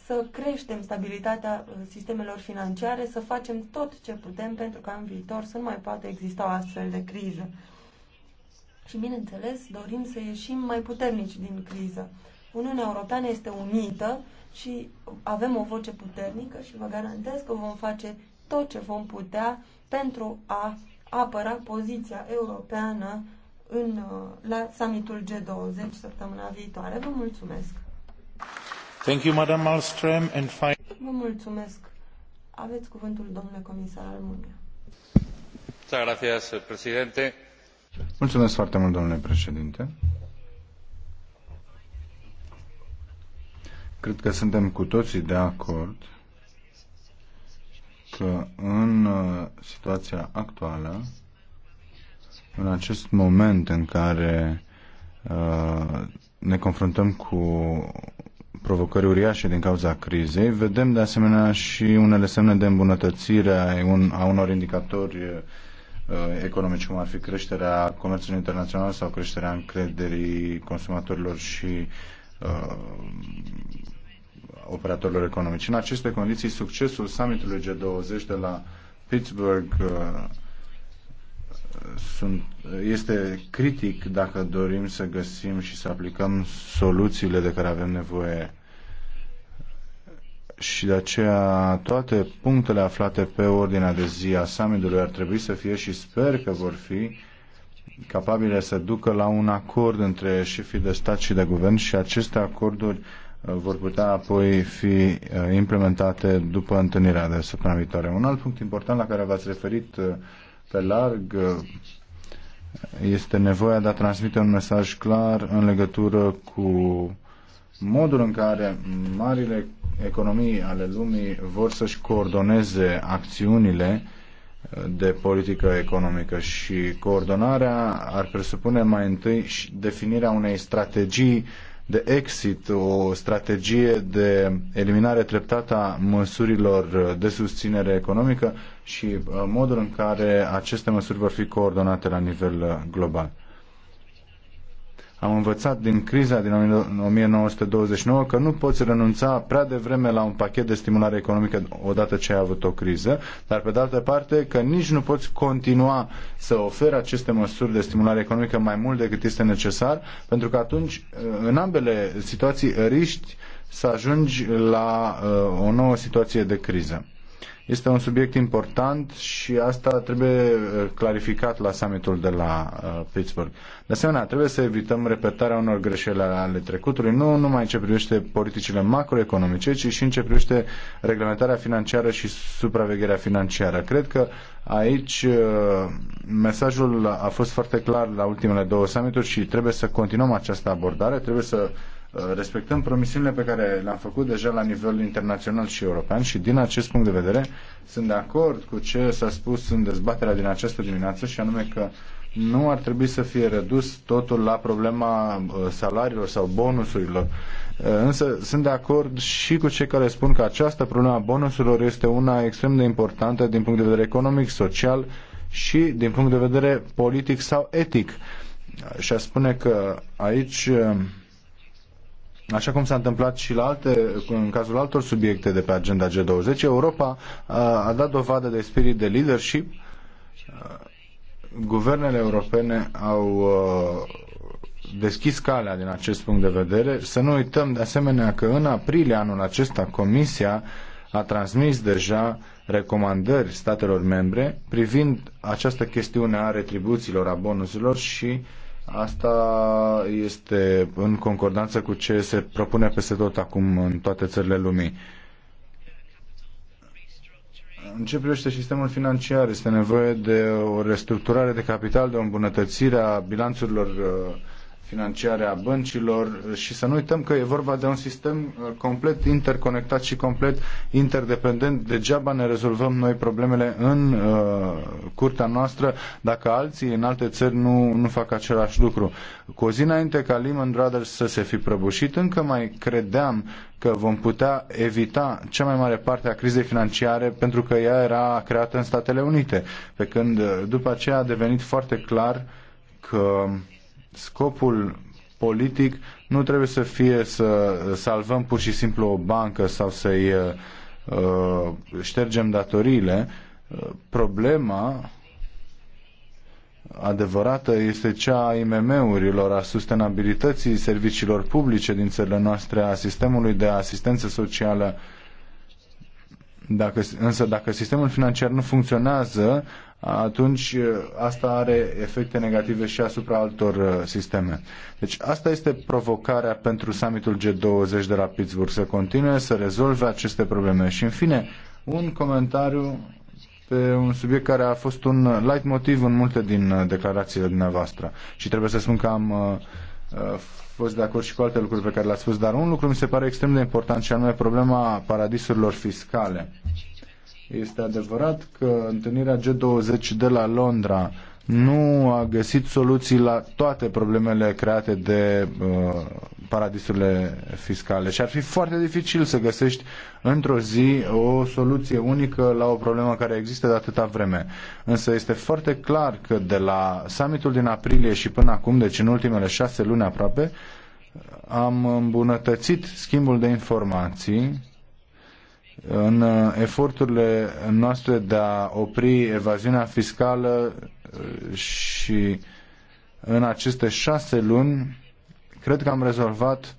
să creștem stabilitatea uh, sistemelor financiare, să facem tot ce putem pentru ca în viitor să nu mai poată exista o astfel de criză. Și, bineînțeles, dorim să ieșim mai puternici din criză. Uniunea Europeană este unită și avem o voce puternică și vă garantez că vom face tot ce vom putea pentru a apăra poziția europeană în, uh, la summitul G20 săptămâna viitoare. Vă mulțumesc! Thank you, Madam Malmström, and Vă mulțumesc! Aveți cuvântul, domnule comisar Almunia. Muchas gracias, presidente. Mulțumesc foarte mult, domnule președinte. Cred că suntem cu toții de acord că în uh, situația actuală, în acest moment în care uh, ne confruntăm cu provocări uriașe din cauza crizei, vedem de asemenea și unele semne de îmbunătățire a unor indicatori uh, Uh, economici, cum ar fi creșterea comerțului internațional sau creșterea încrederii consumatorilor și uh, operatorilor economici. În aceste condiții, succesul summitului G20 de la Pittsburgh uh, sunt, este critic dacă dorim să găsim și să aplicăm soluțiile de care avem nevoie și de aceea toate punctele aflate pe ordinea de zi a summitului ar trebui să fie și sper că vor fi capabile să ducă la un acord între șefii de stat și de guvern și aceste acorduri uh, vor putea apoi fi uh, implementate după întâlnirea de săptămâna viitoare. Un alt punct important la care v-ați referit uh, pe larg este nevoia de a transmite un mesaj clar în legătură cu modul în care marile economii ale lumii vor să-și coordoneze acțiunile uh, de politică economică și coordonarea ar presupune mai întâi și definirea unei strategii de exit, o strategie de eliminare treptată a măsurilor de susținere economică și uh, modul în care aceste măsuri vor fi coordonate la nivel uh, global. Am învățat din criza din 1929 că nu poți renunța prea devreme la un pachet de stimulare economică odată ce ai avut o criză, dar pe de altă parte că nici nu poți continua să oferi aceste măsuri de stimulare economică mai mult decât este necesar, pentru că atunci, în ambele situații, riști să ajungi la uh, o nouă situație de criză. Este un subiect important și asta trebuie uh, clarificat la summitul de la uh, Pittsburgh. De asemenea, trebuie să evităm repetarea unor greșeli ale trecutului, nu numai în ce privește politicile macroeconomice, ci și în ce privește reglementarea financiară și supravegherea financiară. Cred că aici uh, mesajul a fost foarte clar la ultimele două summituri și trebuie să continuăm această abordare, trebuie să Uh, respectăm promisiunile pe care le-am făcut deja la nivel internațional și european și din acest punct de vedere sunt de acord cu ce s-a spus în dezbaterea din această dimineață și anume că nu ar trebui să fie redus totul la problema uh, salariilor sau bonusurilor. Uh, însă sunt de acord și cu cei care spun că această problemă a bonusurilor este una extrem de importantă din punct de vedere economic, social și din punct de vedere politic sau etic. Și a spune că aici Așa cum s-a întâmplat și la alte, în cazul altor subiecte de pe agenda G20, Europa uh, a dat dovadă de spirit de leadership. Uh, guvernele europene au uh, deschis calea din acest punct de vedere. Să nu uităm de asemenea că în aprilie anul acesta Comisia a transmis deja recomandări statelor membre privind această chestiune a retribuțiilor, a bonusilor și Asta este în concordanță cu ce se propune peste tot acum în toate țările lumii. În ce privește sistemul financiar, este nevoie de o restructurare de capital, de o îmbunătățire a bilanțurilor uh, financiare a băncilor și să nu uităm că e vorba de un sistem uh, complet interconectat și complet interdependent. Degeaba ne rezolvăm noi problemele în uh, curtea noastră dacă alții în alte țări nu, nu fac același lucru. Cu o zi înainte ca Lehman Brothers să se fi prăbușit, încă mai credeam că vom putea evita cea mai mare parte a crizei financiare pentru că ea era creată în Statele Unite, pe când uh, după aceea a devenit foarte clar că uh, Scopul politic nu trebuie să fie să salvăm pur și simplu o bancă sau să-i uh, uh, ștergem datoriile. Problema adevărată este cea a IMM-urilor, a sustenabilității serviciilor publice din țările noastre, a sistemului de asistență socială. Dacă, însă dacă sistemul financiar nu funcționează, atunci uh, asta are efecte negative și asupra altor uh, sisteme. Deci asta este provocarea pentru summitul G20 de la Pittsburgh, să continue să rezolve aceste probleme. Și în fine, un comentariu pe un subiect care a fost un light motiv în multe din uh, declarațiile dumneavoastră. Și trebuie să spun că am fost de acord și cu alte lucruri pe care le-ați spus, dar un lucru mi se pare extrem de important și anume problema paradisurilor fiscale. Este adevărat că întâlnirea G20 de la Londra nu a găsit soluții la toate problemele create de uh, paradisurile fiscale și ar fi foarte dificil să găsești într-o zi o soluție unică la o problemă care există de atâta vreme. Însă este foarte clar că de la summitul din aprilie și până acum, deci în ultimele șase luni aproape, am îmbunătățit schimbul de informații în uh, eforturile noastre de a opri evaziunea fiscală uh, și în aceste șase luni, cred că am rezolvat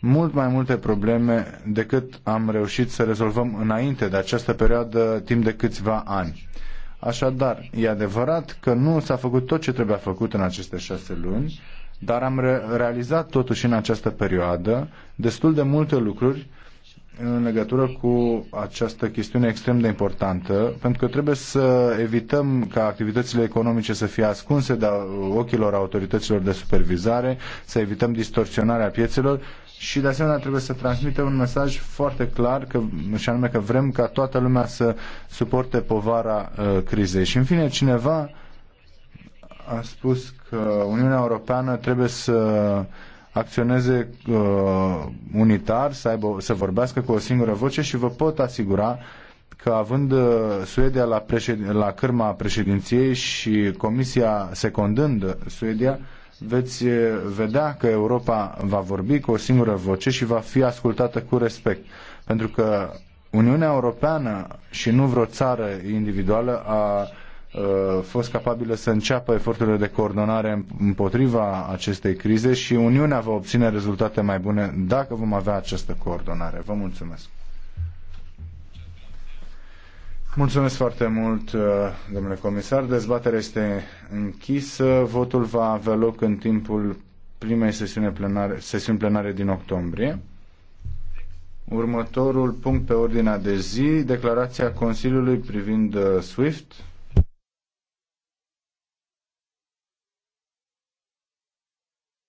mult mai multe probleme decât am reușit să rezolvăm înainte de această perioadă timp de câțiva ani. Așadar, e adevărat că nu s-a făcut tot ce trebuia făcut în aceste șase luni, dar am re- realizat totuși în această perioadă destul de multe lucruri în legătură cu această chestiune extrem de importantă, pentru că trebuie să evităm ca activitățile economice să fie ascunse de ochilor autorităților de supervizare, să evităm distorsionarea piețelor și de asemenea trebuie să transmită un mesaj foarte clar că, și anume că vrem ca toată lumea să suporte povara uh, crizei. Și în fine, cineva a spus că Uniunea Europeană trebuie să uh, acționeze uh, unitar, să, aibă, să vorbească cu o singură voce și vă pot asigura că având uh, Suedia la, președ... la cârma președinției și Comisia secondând Suedia, veți uh, vedea că Europa va vorbi cu o singură voce și va fi ascultată cu respect. Pentru că Uniunea Europeană și nu vreo țară individuală a Uh, fost capabilă să înceapă eforturile de coordonare împotriva acestei crize și Uniunea va obține rezultate mai bune dacă vom avea această coordonare. Vă mulțumesc! Mulțumesc foarte mult, uh, domnule comisar. Dezbaterea este închisă. Votul va avea loc în timpul primei sesiuni plenare, sesiuni plenare din octombrie. Următorul punct pe ordinea de zi, declarația Consiliului privind uh, SWIFT.